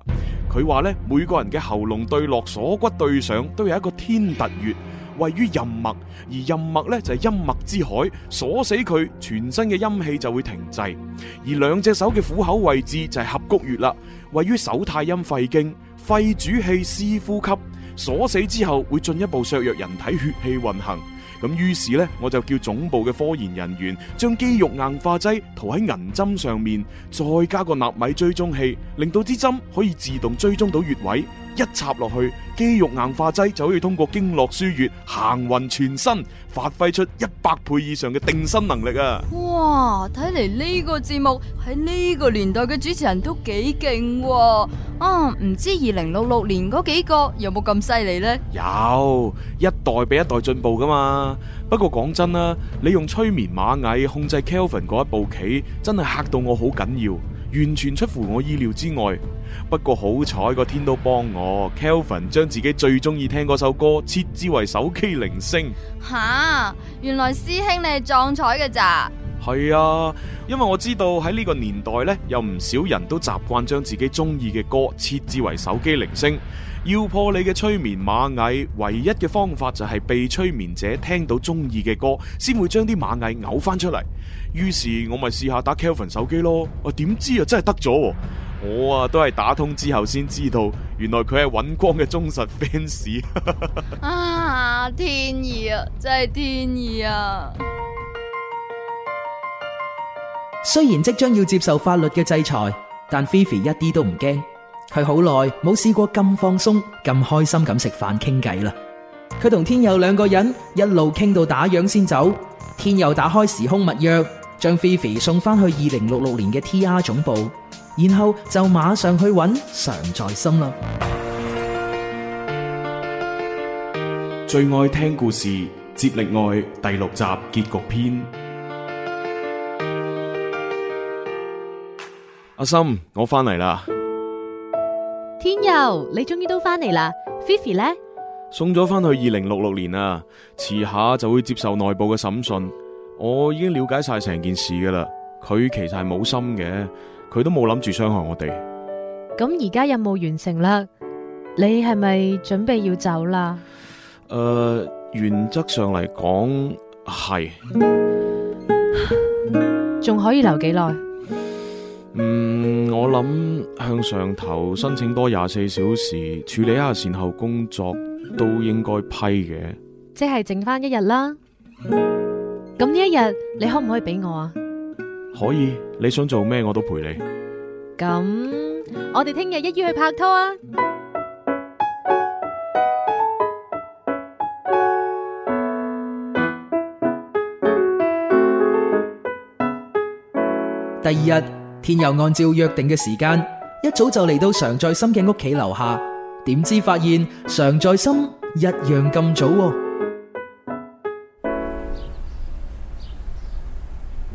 佢話呢，每個人嘅喉嚨對落鎖骨對上，都有一個天突穴，位於任脈，而任脈呢，就係陰脈之海，鎖死佢，全身嘅陰氣就會停滯。而兩隻手嘅虎口位置就係合谷穴啦，位於手太陰肺經，肺主氣，司呼吸。鎖死之後會進一步削弱人體血氣運行，咁於是呢，我就叫總部嘅科研人員將肌肉硬化劑塗喺銀針上面，再加個納米追蹤器，令到支針可以自動追蹤到穴位。一插落去，肌肉硬化劑就可以通過經絡輸血行運全身，發揮出一百倍以上嘅定身能力啊！哇，睇嚟呢個節目喺呢個年代嘅主持人都幾勁喎！啊，唔、嗯、知二零六六年嗰幾個有冇咁犀利呢？有，一代比一代進步噶嘛。不過講真啦，你用催眠螞蟻控制 Kelvin 嗰一步棋，真係吓到我好緊要，完全出乎我意料之外。不過好彩個天都幫我，Kelvin 將自己最中意聽嗰首歌設置為手機鈴聲。吓，原來師兄你係撞彩嘅咋？係啊，因為我知道喺呢個年代呢，有唔少人都習慣將自己中意嘅歌設置為手機鈴聲。要破你嘅催眠螞蟻，唯一嘅方法就係被催眠者聽到中意嘅歌，先會將啲螞蟻嘔翻出嚟。於是我咪試下打 Kelvin 手機咯，我點知啊，知道真係得咗。我啊，都係打通之後先知道，原來佢係尹光嘅忠實 fans。 啊，天意啊，真係天意啊！雖然即將要接受法律嘅制裁，但 Fifi 一啲都唔驚，佢好耐冇試過咁放鬆、咁開心咁食飯傾計啦。佢同天佑兩個人一路傾到打烊先走。天佑打開時空密約，將 Fifi 送翻去二零六六年嘅 TR 總部。然後就馬上去揾常在心啦。最愛聽故事，接力愛第六集結局篇。阿心，我翻嚟啦。天佑，你終於都翻嚟啦。Fifi 呢？送咗翻去二零六六年啊，遲下就會接受內部嘅審訊。我已經了解晒成件事噶啦，佢其實係冇心嘅。佢都冇諗住傷害我哋。咁而家任務完成啦，你係咪準備要走啦？誒、呃，原則上嚟講，係。仲可以留幾耐？嗯，我諗向上頭申請多廿四小時處理一下善後工作都應該批嘅。即係剩翻一日啦。咁、嗯、呢一日你可唔可以俾我啊？可以，你想做咩我都陪你。嗯。咁，我哋聽日一於去拍拖啊！第二日天佑按照約定嘅時間，一早就嚟到常在心嘅屋企樓下，點知發現常在心一樣咁早。啊！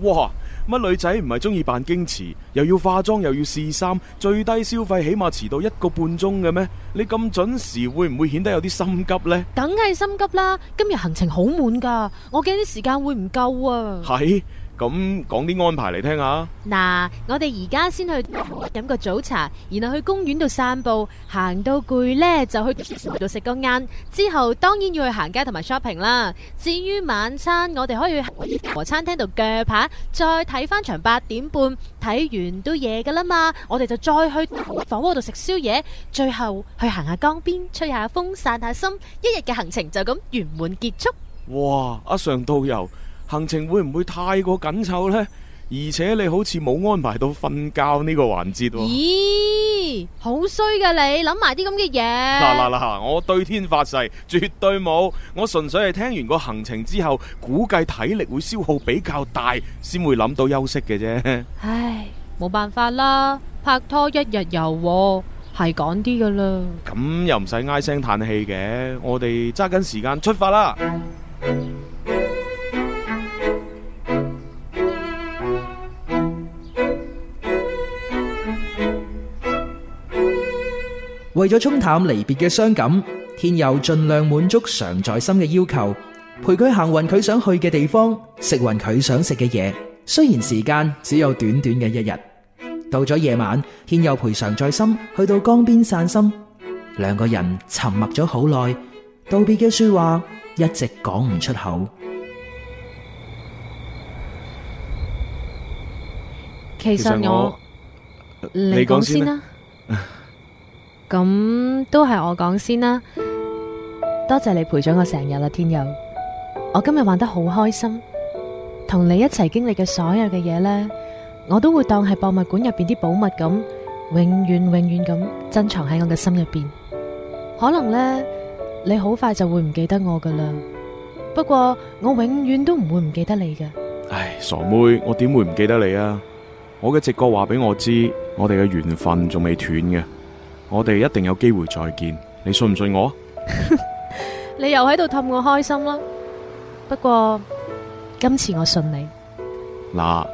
哇！乜女仔唔係中意扮矜持，又要化妝又要試衫，最低消費起碼遲到一個半鐘嘅咩？你咁準時會唔會顯得有啲心急呢？梗係心急啦！今日行程好滿噶，我驚啲時間會唔夠啊！係。咁講啲安排嚟聽下。嗱、啊，我哋而家先去飲個早茶，然後去公園度散步，行到攰呢，就去食個晏。之後當然要去行街同埋 shopping 啦。至於晚餐，我哋可以去和餐廳度鋸扒，再睇翻場八點半，睇完都夜噶啦嘛。我哋就再去火鍋度食宵夜，最後去行下江邊，吹下風，散下心。一日嘅行程就咁圓滿結束。哇！阿、啊、上導遊。行程會唔會太過緊湊呢？而且你好似冇安排到瞓覺呢個環節喎。咦，好衰噶你諗埋啲咁嘅嘢。嗱嗱嗱，我對天發誓，絕對冇。我純粹係聽完個行程之後，估計體力會消耗比較大，先會諗到休息嘅啫。唉，冇辦法啦，拍拖一日遊係趕啲噶啦。咁又唔使唉聲嘆氣嘅，我哋揸緊時間出發啦。為咗沖淡離別嘅傷感，天佑盡量滿足常在心嘅要求，陪佢行勻佢想去嘅地方，食勻佢想食嘅嘢。雖然時間只有短短嘅一日，到咗夜晚，天佑陪常在心去到江邊散心。兩個人沉默咗好耐，道別嘅說話一直講唔出口。其實我，你講先啦。咁都係我講先啦，多謝你陪咗我成日啦，天佑，我今日玩得好開心，同你一齊經歷嘅所有嘅嘢呢，我都會當係博物館入邊啲寶物咁，永遠永遠咁珍藏喺我嘅心入邊。可能呢，你好快就會唔記得我噶啦，不過我永遠都唔會唔記得你㗎。唉，傻妹，我點會唔記得你啊？我嘅直覺話俾我知，我哋嘅緣分仲未斷嘅。我哋一定有機會再見，你信唔信我？ 你又喺度氹我開心啦。不過今次我信你。嗱，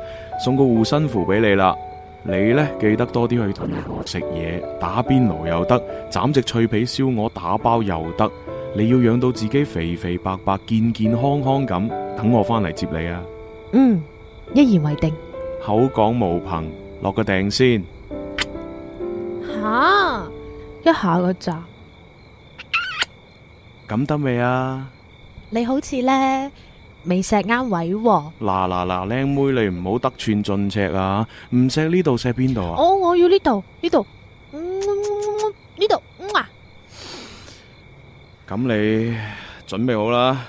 送個護身符俾你啦。你呢，記得多啲去同我食嘢，打邊爐又得，斬隻脆皮燒鵝打包又得。你要養到自己肥肥白白、健健康康咁，等我返嚟接你啊！嗯，一言為定。口講無憑，落個訂先。吓，一下嗰咋，咁得未啊？你好似咧未錫啱位喎。嗱嗱嗱，靚妹你唔好得寸進尺啊！唔錫呢度錫邊度啊？哦，我要呢度呢度呢度啊！咁你準備好啦。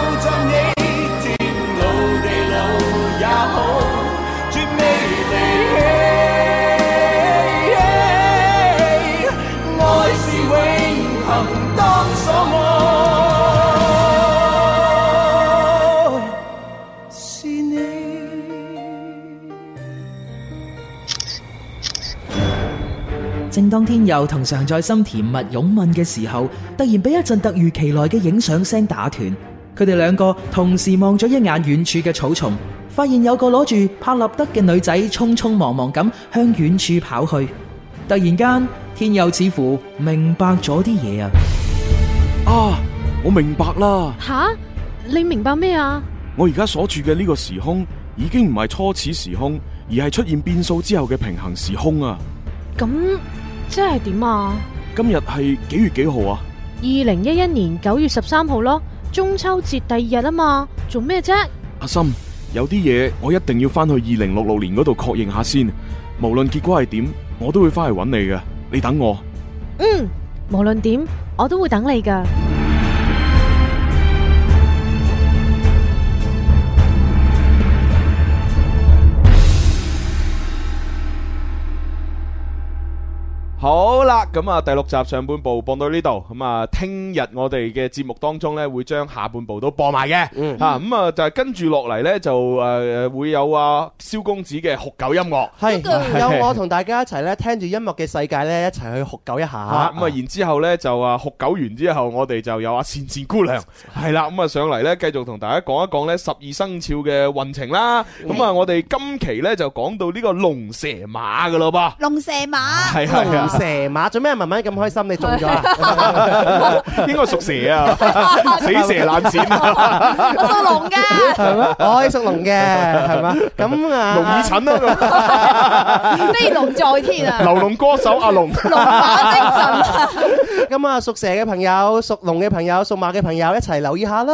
當天佑同常在心甜蜜擁吻嘅時候，突然俾一陣突如其來嘅影相聲打斷。佢哋兩個同時望咗一眼遠處嘅草叢，發現有個攞住拍立得嘅女仔匆匆忙忙咁向遠處跑去。突然間，天佑似乎明白咗啲嘢啊！啊，我明白啦。吓，你明白咩啊？我而家所住嘅呢個時空已經唔係初始時空，而係出現變數之後嘅平衡時空啊。咁。即係點啊？今日係幾月幾號啊？二零一一年九月十三號咯，中秋節第二日啊嘛，做咩啫？阿心，有啲嘢我一定要翻去二零六六年嗰度確認下先。無論結果係點，我都會翻嚟揾你嘅。你等我。嗯，無論點，我都會等你噶。好。啦、嗯，咁啊，第六集上半部播到呢度，咁啊，聽日我哋嘅節目當中咧，會將下半部都播埋嘅，吓、嗯，咁啊，嗯嗯、下來就係跟住落嚟咧，就、呃、誒會有啊蕭公子嘅酷狗音樂，係有我同大家一齊咧，聽住音樂嘅世界咧，一齊去酷狗一下，咁啊、嗯、啊、啊，然之後咧就啊酷狗完之後，我哋就有阿倩倩姑娘，係啦，咁啊上嚟咧，繼續同大家講一講咧十二生肖嘅運程啦，咁、嗯、啊，我哋今期咧就講到呢個龍蛇馬嘅咯噃，龍蛇馬，係係啊，龍蛇馬。做咩慢慢咁開心？你中咗， 應該屬蛇啊， 死蛇爛懶鱔 我屬龍嘅，我係屬龍嘅，係 嘛是嗎？咁啊，龍耳陳啊，飛龍在天啊， 流浪歌手阿龍，龍馬精神。咁啊，屬蛇嘅朋友，屬龍嘅朋友，屬馬嘅朋友，一齊留意下啦。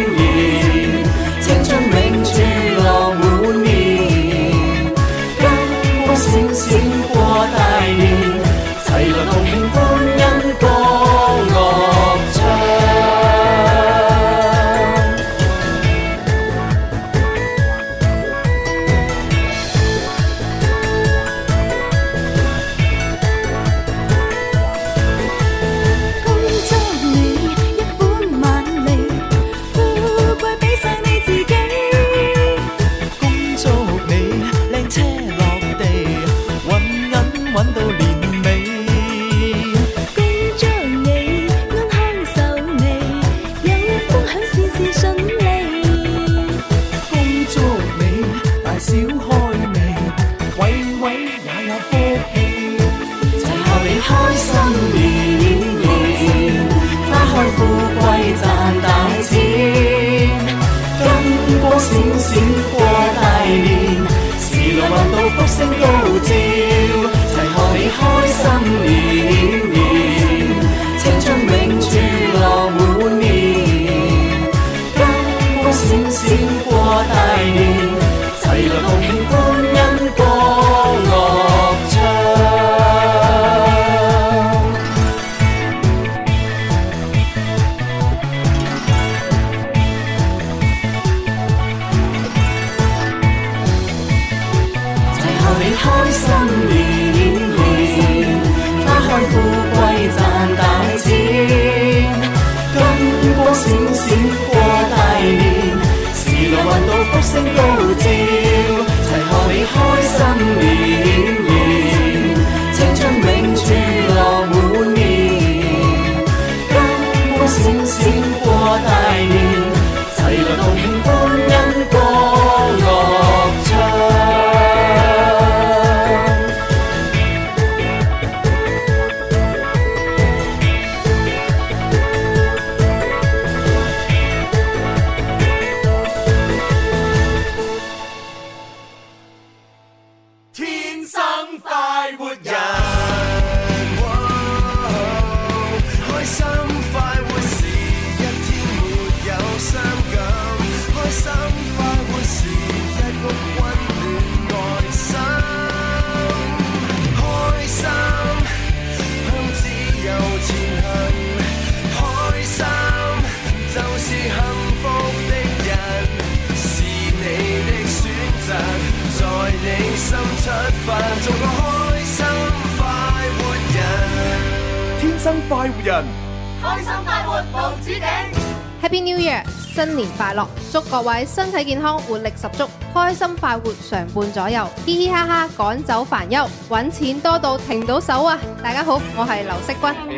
身體健康，活力十足，開心快活常伴左右，嘻嘻哈哈趕走煩憂，揾錢多到停到手啊！大家好，我係劉式君。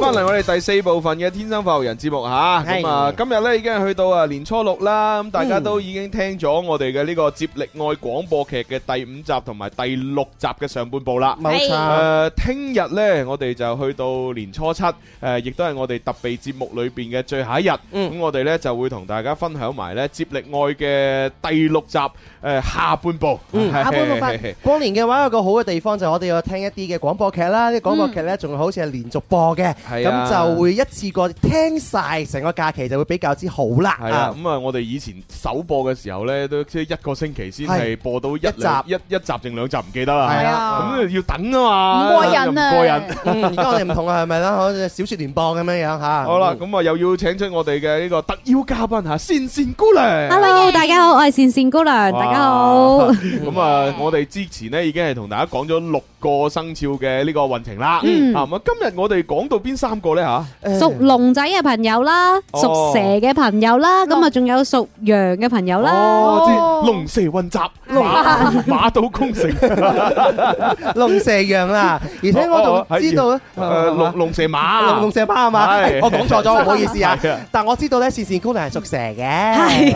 翻嚟我哋第四部分嘅天生化學人節目吓，咁啊今日咧已經係去到啊年初六啦，咁大家都已經聽咗我哋嘅呢個接力愛廣播劇嘅第五集同埋第六集嘅上半部啦。係誒，聽日咧我哋就去到年初七，誒，亦都係我哋特別節目裏邊嘅最後一日。嗯，咁我哋咧就會同大家分享埋咧接力愛嘅第六集誒下半部。嗯，下半部分。過年嘅話，有個好嘅地方就我哋要聽一啲嘅廣播劇啦，啲廣播劇咧仲係好似係連續播嘅。嘅、啊，咁就會一次過聽曬成個假期，就會比較之好啦。咁啊，我哋以前首播嘅時候咧，都即係一個星期先係播到一,一集，一一集定兩集唔記得啦。咁、啊嗯、要等啊嘛，唔過癮啊，唔過癮。而、嗯、家 我哋唔同啦，係咪啦？好似《小説聯播》咁樣樣嚇。好啦，咁啊又要請出我哋嘅呢個特邀嘉賓嚇，倩倩姑娘。Hello，大家好，我係倩倩姑娘，大家好。咁、嗯、啊，我哋之前呢已經係同大家講咗六。個生肖嘅呢個運程啦，啊咁啊今日我哋講到邊三個咧吓？屬龍仔嘅朋友啦，屬蛇嘅朋友啦，咁啊仲有屬羊嘅朋友啦。哦，龍蛇、哦哦、蛇混雜，馬、啊、馬到功成，龍、啊、蛇羊啦、啊。而且我仲知道，誒龍龍蛇馬，龍蛇馬係嘛、啊？我講錯咗，唔好意思啊。但我知道咧，線線姑娘係屬蛇嘅。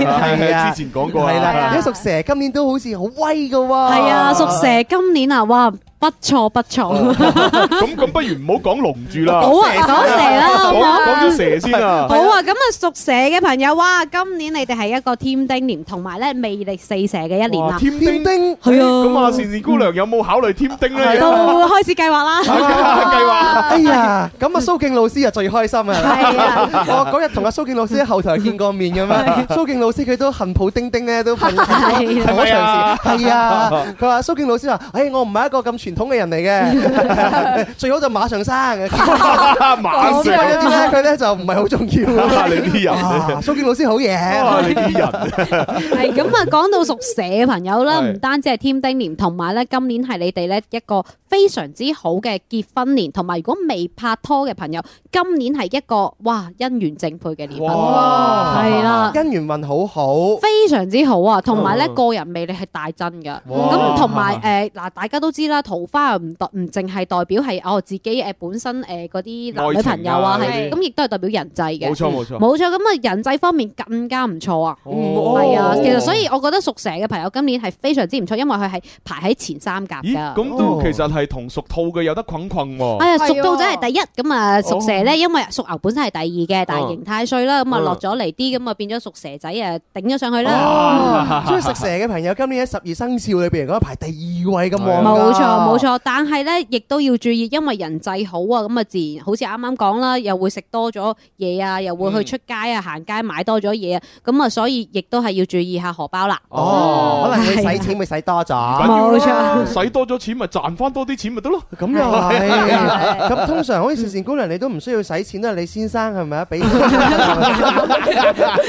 係啊，之前講過係啦。而家屬蛇今年都好似好威噶喎。係啊，屬蛇今年啊，哇！不錯不錯，咁咁，不如唔好講龍住啦，好啊，講蛇啦，講講啲蛇先啊，好啊，咁啊屬蛇嘅朋友哇，今年你哋係一個添丁年，同埋咧魅力四射嘅一年啊，添丁，添丁，係啊，咁啊，蛇年姑娘有冇考慮添丁咧？都開始計劃啦，開始計劃，哎呀，咁啊，蘇敬老師啊最開心啊，係啊，我嗰日同阿蘇敬老師喺後台見過面咁啊，蘇敬老師佢都恨抱丁丁咧，都訓咗好長時間，係啊，佢話蘇敬老師話，哎，我唔係一個咁。傳統嘅人嚟嘅， 最好就馬上生。 馬上佢咧 就唔係好重要。 你啲人，蘇建老師好嘢。 你啲的人係咁啊！講 到屬蛇嘅朋友啦，唔單止係添丁年，同埋咧今年係你哋咧一個非常之好嘅結婚年，同埋如果未拍拖嘅朋友，今年係一個哇姻緣正配嘅年份啦，係啦，姻緣運好好，非常之好啊！同埋咧個人魅力係大增㗎咁，同埋誒嗱大家都知啦，桃花唔代唔淨係代表係我自己誒本身誒嗰啲男女朋友啊，係咁亦都係代表人際嘅。冇錯冇錯，冇錯咁啊！人際方面更加唔錯啊，係啊！其實所以我覺得屬蛇嘅朋友今年係非常之唔錯，因為佢係排喺前三甲噶咦？咁都其實係同屬兔嘅有得捆捆喎。哎呀屬兔仔係第一，咁啊屬蛇咧，因為屬牛本身係第二嘅，但係刑太歲啦，咁啊落咗嚟啲，咁啊變咗屬蛇仔啊頂咗上去啦。所以屬蛇嘅朋友今年喺十二生肖裏邊嗰排第二位咁旺冇錯。冇錯，但係咧，亦都要注意，因為人濟好啊，咁啊，自然好似啱啱講啦，又會食多咗嘢啊，又會去出街啊，行、嗯、街買多咗嘢啊，咁啊，所以亦都係要注意下荷包啦、哦。哦，可能你使錢咪使多咋？冇錯，使、啊啊、多咗錢咪賺翻多啲錢咪得咯。咁又係，咁通常可以善善姑娘你、嗯，你都唔需要使錢啊，李先生係咪啊？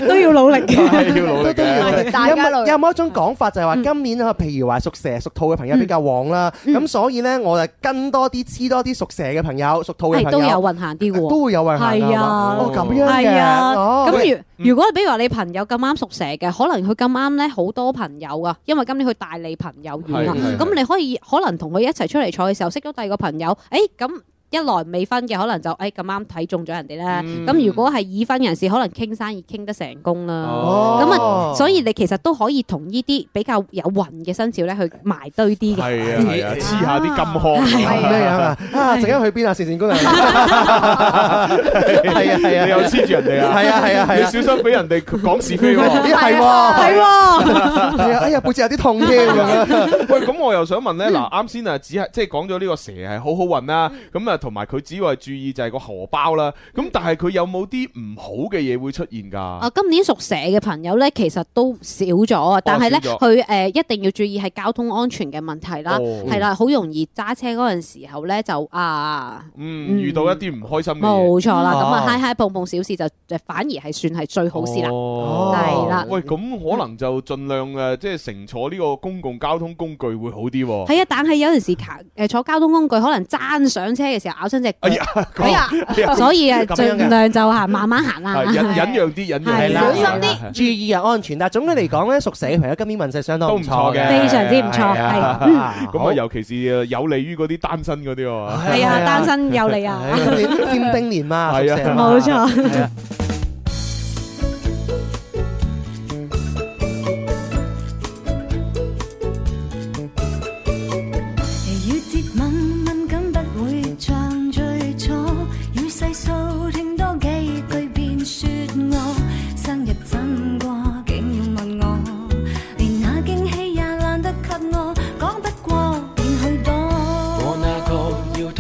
都要努力，都要努力都，都要努力，都要有冇一種講法就係話，今年啊，譬、嗯、如話屬蛇、屬兔嘅朋友比較旺啦，咁、嗯。嗯所以咧，我就跟多啲黐多啲屬蛇嘅朋友，屬兔嘅朋友都有運行啲喎、啊呃，都會有運行是啊！哦，咁樣嘅，咁如、嗯、如果，比如話你朋友咁啱屬蛇嘅，可能佢咁啱咧好多朋友啊，因為今年佢大利朋友緣啊，咁是你可以可能同佢一齊出嚟坐嘅時候，識咗第二個朋友，誒、欸、咁。一來未婚嘅可能就誒咁啱睇中咗人哋啦，咁、嗯、如果係已婚人士，可能傾生意傾得成功啦。咁、哦、啊，所以你其實都可以同呢啲比較有運嘅生肖咧，去埋堆啲嘅。係啊係啊，黐、啊、下啲金鶴咩樣啊？啊，陣間去邊 啊？善哥。公啊！係啊係啊，你又黐住人哋啊？係啊係 啊係，你小心俾人哋講是非 喎、啊。係喎係喎。係啊哎呀，背脊有啲痛添 喂，咁我又想問咧，嗱啱先啊，只係即係講咗呢個蛇係好好運啦。咁啊～同埋佢只要係注意就係個荷包啦，咁但係佢有冇啲唔好嘅嘢會出現噶？啊，今年屬蛇嘅朋友咧，其實都少咗、哦，但係咧佢誒一定要注意係交通安全嘅問題啦，係、哦、啦，好容易揸車嗰陣時候咧就啊嗯，嗯，遇到一啲唔開心嘅，冇錯啦，咁、嗯、啊，嗨嗨，碰碰小事就，就反而係算係最好事啦，係、哦、啦，喂，咁可能就盡量誒即係乘坐呢個公共交通工具會好啲、啊，係啊，但係有陣時誒坐交通工具可能爭上車嘅時候，咬親隻，所以啊，盡量就吓慢慢行啦，忍忍讓啲，忍讓啲，小心啲，注意啊安全。但係總嘅嚟講咧，屬蛇嘅朋友今年運勢相當都唔錯嘅，非常之唔錯。係咁啊，尤其是有利於嗰啲單身嗰啲喎。係啊，單身有利啊，今年鉛兵年嘛，冇錯。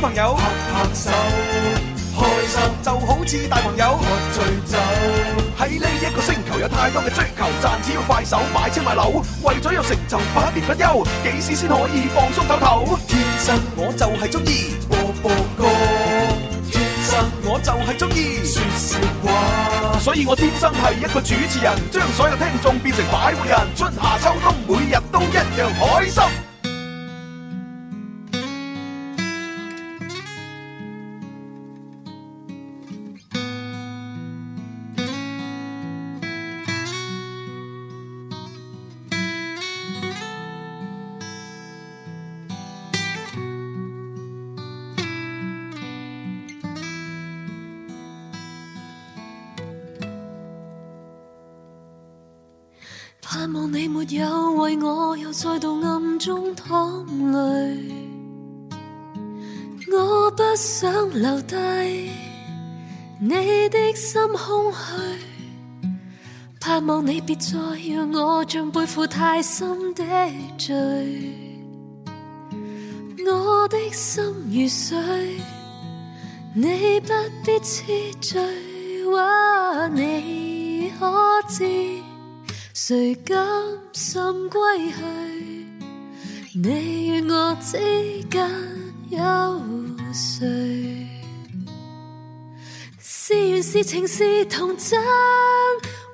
朋友拍拍手，開心就好似大朋友。喝醉酒，喺呢一個星球有太多嘅追求，賺錢要快手，買車買樓，為咗有成就百變，百年不休。幾時先可以放鬆唞唞？天生我就係中意播播歌，天生我就係中意說說話。所以我天生係一個主持人，將所有聽眾變成擺渡人。春夏秋冬，每日都一樣開心。留低你的心空虛，盼望你別再讓我像背負太深的罪。我的心如水，你不必痴醉。啊，你可知誰甘心歸去？你與我之間有誰？是緣是情是童真，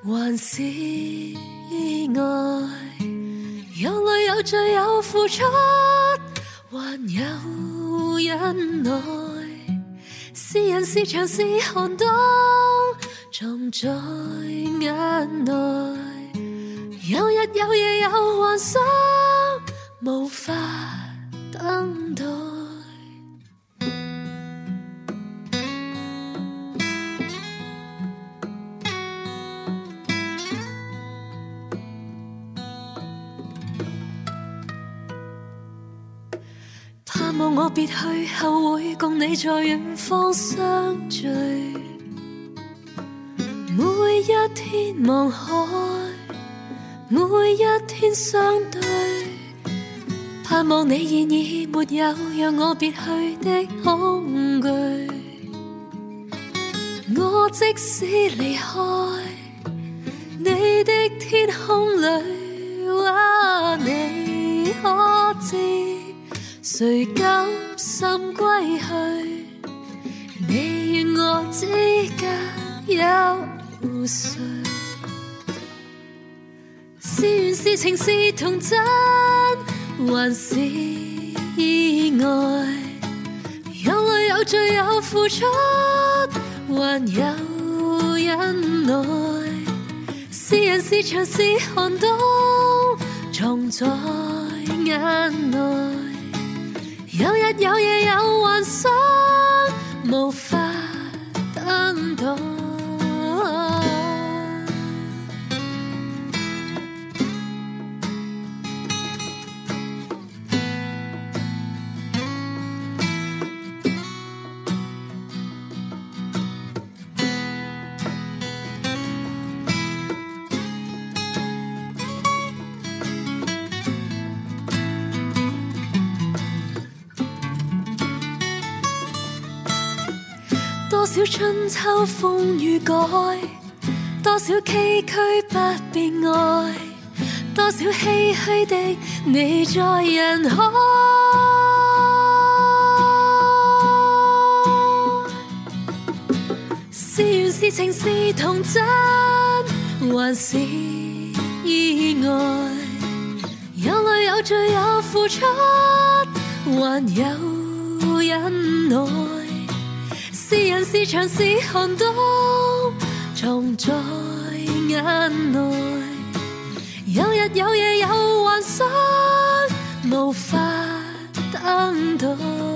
還是意外？有淚有罪有付出，還有忍耐。是人是牆是寒冬，藏在眼內。有日有夜有幻想，無法等待。望我別去後，會共你在遠方相聚。每一天望海，每一天相對，盼望你現已沒有讓我別去的恐懼。我即使離開你的天空裏，啊，你可知？誰甘心歸去？你與我之間有誰？ 是緣是情是童真，還是意外？ 有淚有罪有付出，還有忍耐。 是人是牆是寒冬，藏在眼內。有日有夜有幻想，無春秋風雨改，多少崎嶇不變愛，多少唏噓的你在人海。是緣是情是童真，還是意外？有淚有罪有付出，還有忍耐。人是長是寒冬，藏在眼內。有日有夜有幻想，無法等待。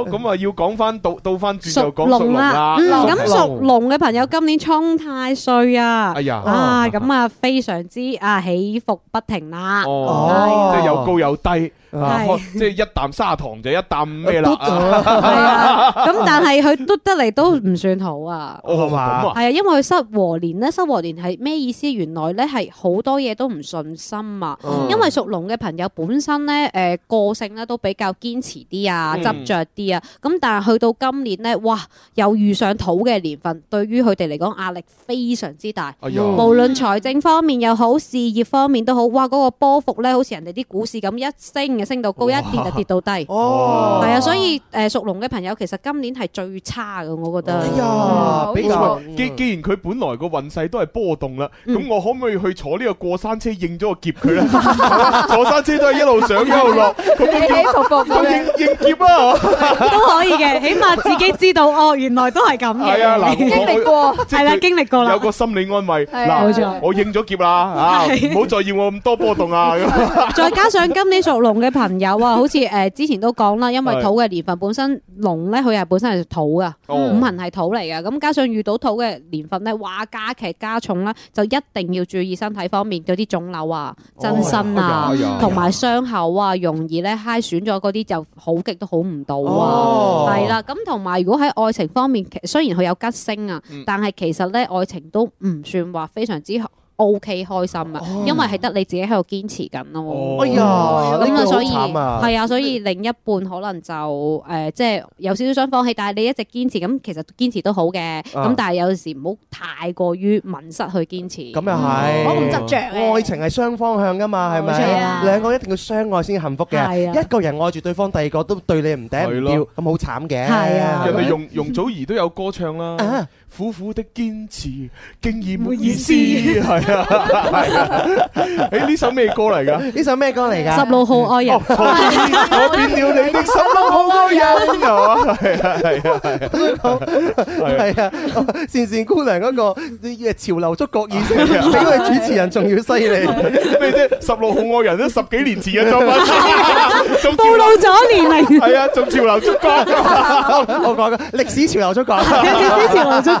咁啊，要講翻到到翻轉就講屬龍啦。咁屬龍嘅朋友今年衝太歲啊！哎呀，啊咁啊，啊，啊，非常之啊起伏不停啦、啊啊啊啊。哦，即係有高有低，啊哦、即係一啖砂糖就一啖咩啦。咁、啊、 但係佢篤得嚟都唔算好啊。好、哦、嘛，係啊，因為佢失和年咧，失和年係咩意思？原來咧係好多嘢都唔順心啊。嗯、因為屬龍嘅朋友本身咧，誒、呃、個性咧都比較堅持啲啊，執着啲啊。嗯咁但係去到今年呢，哇，又遇上土嘅年份，對於佢哋嚟講壓力非常之大。哎、無論財政方面又好，事業方面都好，哇，嗰、那個波幅呢，好似人哋啲股市咁，一升就升到高，一跌就跌，跌，跌到低。哦，係啊，所以誒，屬龍嘅朋友其實今年係最差㗎。我覺得。哎呀，既既然佢本來個運勢都係波動啦，咁、嗯、我可唔可以去坐呢個過山車，應咗個劫佢呢？ 坐山車都係一路上一路落，佢 我幾同過應應劫啊！ 都可以嘅，起碼自己知道哦，原來都係咁嘅。係啊，嗱，我係啦，經歷過啦，有個心理安慰。係呀，冇錯。我應咗劫啦，嚇呀！唔好、啊、呀再要我咁多波動啊！ 再加上今年屬龍嘅朋友啊，好似誒、呃、之前都講啦，因為土嘅年份本身龍咧，佢係本身係土啊，哦、五行係土嚟嘅。咁加上遇到土嘅年份咧，哇，加劇加重啦，就一定要注意身體方面嗰啲腫瘤啊、增生啊、同埋傷口啊，容易咧嗨損咗嗰啲，就好極都好唔到啊！哦。哦，係啦，咁同埋如果喺愛情方面，其實雖然佢有吉星啊，但係其實咧愛情都唔算話非常之好。O K，開心啊，因為係得你自己喺度堅持緊咯。哎呀，咁啊，所以係啊，所以另一半可能就誒，即係有少少想放棄，但係你一直堅持，咁其實堅持都好嘅。咁但係有時唔好太過於迷失去堅持。咁又係，唔好咁執著。愛情係雙方向㗎嘛，係咪？兩個一定要相愛先幸福嘅。一個人愛住對方，第二個都對你唔嗲唔吊，咁好慘嘅。係啊，人哋容容祖兒都有歌唱啦。苦苦的堅持，竟然沒意思。係啊、 哎，係啊。誒、哦，呢首咩歌嚟㗎？呢首咩歌嚟㗎？十六、那個、 號愛人，我變了你的十六號愛人啊！係啊，係啊，係啊。係啊。倩倩姑娘嗰個，潮流觸覺已經比佢主持人仲要犀利。咩啫？十六號愛人都十幾年前嘅作品，暴露咗年齡。係啊，仲潮流觸覺。 我講嘅歷史潮流觸覺、 啊，歷史潮流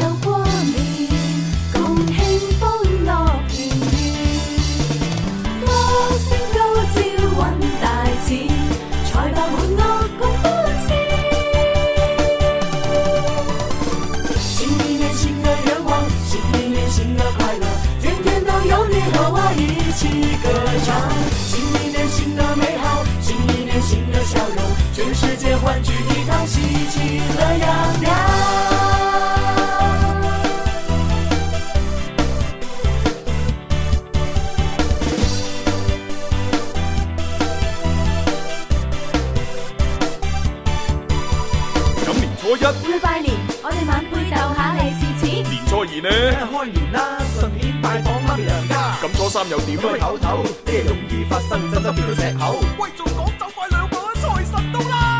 有光年，共慶歡樂年。歌聲高照，運大展，財寶滿屋，共歡笑。新一年，新的願望；新一年，新的快樂；天天都有你和我一起歌唱。新一年，新的美好；新一年，新的笑容；全世界歡聚一堂，喜氣樂洋洋。開年啦，順便拜訪老人家。咁初三又有啲咩偷偷？咩容易發生真針變石頭？喂，仲講走快兩步啊，財神到啦！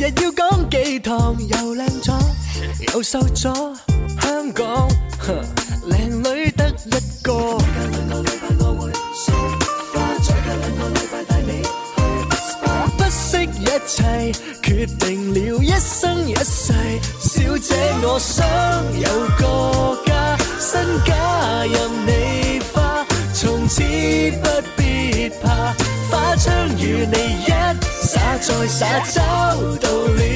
日要講幾堂，又靚咗，又瘦咗，香港。找到你。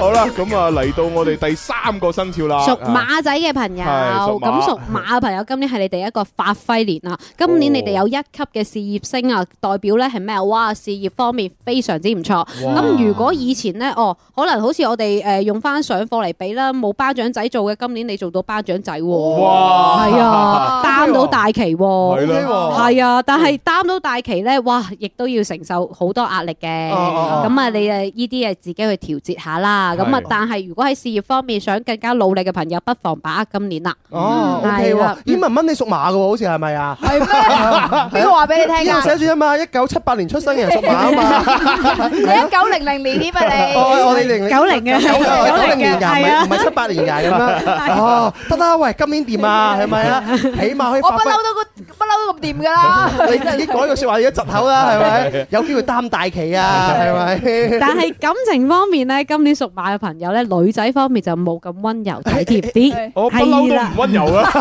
好啦，咁啊嚟到我哋第三個生肖啦。屬馬仔嘅朋友，咁屬馬嘅朋友，今年係你哋一個發揮年啊！今年你哋有一級嘅事業星啊，代表咧係咩？哇！事業方面非常之唔錯，咁如果以前咧，哦，可能好似我哋誒用翻上課嚟比啦，冇班長仔做嘅，今年你做到班長仔喎、哦。哇！係啊，擔、啊、到大旗喎、哦。啊，啊，啊，啊，但係擔到大旗咧，哇！亦都要承受好多壓力嘅。咁啊，啊，你誒依啲誒自己去調節下啦。咁啊！但係如果喺事業方面想更加努力嘅朋友，不妨把握今年啦。哦，O K。咦、哦 OK, 欸，文文，你屬馬嘅喎，好似係咪啊？係咩？我話俾你聽啊！寫住啊嘛，一九七八年出生嘅人屬馬啊嘛。你一九零零年啲嘛你？我我哋零零九零嘅，九零年，唔係唔係七八年嘅咁樣。哦，得啦、啊，喂，今年掂啊？係咪啊？起碼可以我不嬲都咁不嬲都咁掂㗎啦。你已經改個説話有個籍口啦，係咪？有機會擔大旗啊，係咪？但係感情方面咧，今年屬馬。馬嘅朋友咧，女仔方面就冇咁溫柔體貼啲。我不嬲都唔溫柔啊，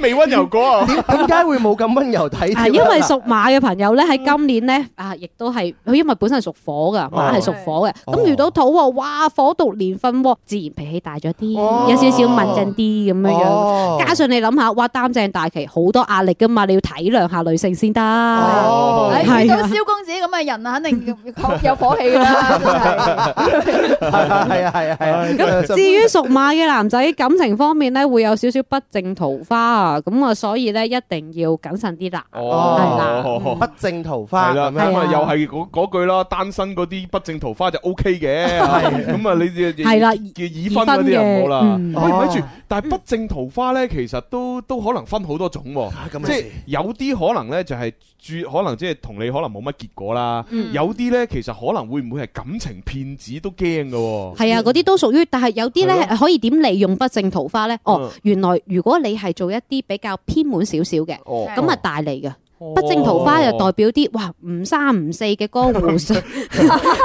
未溫柔過啊？點點解會冇咁溫柔體貼？因為屬馬嘅朋友咧，喺今年咧啊，亦都係佢因為本身係屬火噶，馬係屬火嘅。咁遇到土喎，哇，火土連分喎，自然脾氣大咗啲，有少少文靜啲咁樣樣。加上你諗下，哇，擔正大旗，好多壓力噶嘛，你要體諒下女性先得。係咁，蕭公子咁嘅人，肯定有火氣啦。係啊係啊係啊係啊！咁至於屬馬嘅男仔感情方面咧，會有少少不正桃花啊！咁啊，所以咧一定要謹慎啲啦。哦，係啦、哦，不正桃花。係啦，咁啊又係嗰句啦，單身嗰啲不正桃花就 OK 嘅。咁咁啊，你係啦，結已婚嗰啲就好啦、嗯。喂，咪住，但係不正桃花咧，其實都都可能分好多種喎。咁、啊、即係有啲可能咧，就係、是。可能即係同你可能冇乜結果啦，嗯、有啲咧其實可能會唔會係感情騙子都驚㗎喎？係啊，嗰啲都屬於，但係有啲咧是、啊啊、可以點利用不正桃花咧？哦，嗯、原來如果你係做一啲比較偏門少少嘅，咁啊大利嘅。哦哦不正桃花又代表啲哇，唔三唔四嘅江湖上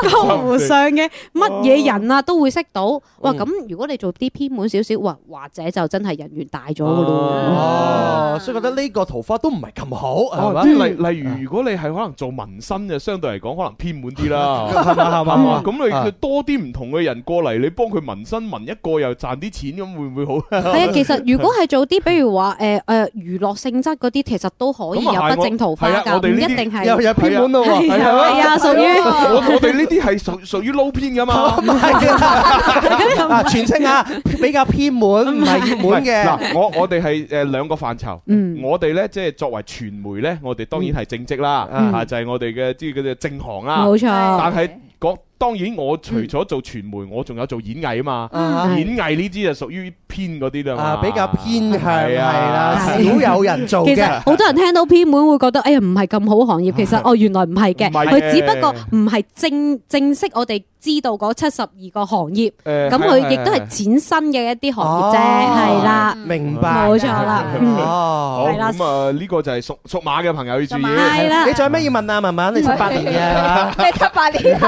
江湖上嘅乜嘢人啊，都會識到哇。咁如果你做啲偏滿少少哇，或者就真係人緣大咗噶咯哦，所以覺得呢個桃花都唔係咁好啊，即係例例如如果你係可能做紋身就相對嚟講可能偏滿啲啦，係嘛係嘛，咁你多啲唔同嘅人過嚟你幫佢紋身，紋一個又賺啲錢，咁會唔會好係啊？其實如果係做啲比如話，誒誒娛樂性質嗰啲其實都可以啊不正途翻教一定係有有偏門咯喎，係啊，屬於我我哋呢啲係屬屬於撈偏噶嘛，唔係嘅。全稱啊比較偏門，唔係偏門嘅。嗱我我哋係誒兩個範疇，我哋咧即係作為傳媒咧，我哋當然係正職啦，啊就係我哋嘅即係叫做正行啦，冇錯，但係講。當然，我除咗做傳媒，嗯、我仲有做演藝嘛啊嘛。演藝呢啲就屬於偏嗰啲啦，比較偏向係啦，少有人做嘅。其實好多人聽到偏門會覺得，是哎呀，唔係咁好行業。其實哦，原來唔係嘅，佢只不過唔係正是正式我哋知道嗰七十二個行業。咁佢亦都係嶄新嘅一啲行業，啫。係啦、哦。明白，冇錯啦。哦，好。咁啊，呢、這個就係屬屬馬嘅朋友要注意。係啦，你仲有咩要問啊？文文，你七八年啊？你七八年。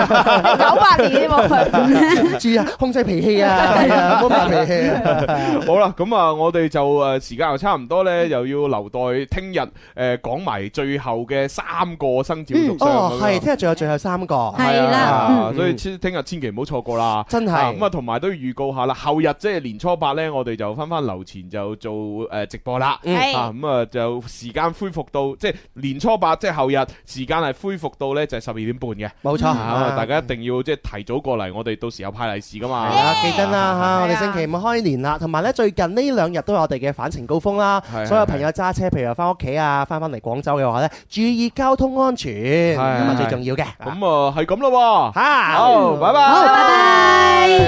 九八年啊嘛，注 意啊，控制脾氣啊，冇 發、哎、脾氣啊。 好啦，咁啊，我哋就誒，時間又差唔多咧， 又要留待聽日誒，講、呃、埋最後嘅三個生肖、嗯。哦，係，聽日仲有最後三個，係 啦、啊嗯，所以聽日千祈唔好錯過啦，真係。咁啊，同埋都要預告下啦，後日即係、就是、年初八咧，我哋就翻翻樓前就做誒直播啦。係、嗯、啊，咁、嗯、啊，就時間恢復到即係、就是、年初八，即、就、係、是、後日時間係恢復到咧就係十二點半嘅，冇錯、嗯、啊，大家一定要。要即係提早過嚟，我哋到時候派利 yeah，是噶、啊、嘛。記得啦、啊啊，我哋星期五開年啦。同埋咧，最近呢兩日都係我哋嘅返程高峰啦、啊。所有朋友揸車，譬如話翻屋企啊，翻翻嚟廣州嘅話咧，注意交通安全，咁啊，啊，最重要嘅。咁、嗯、啊，係咁咯，嚇、嗯。好、嗯嗯嗯嗯，拜拜，拜拜。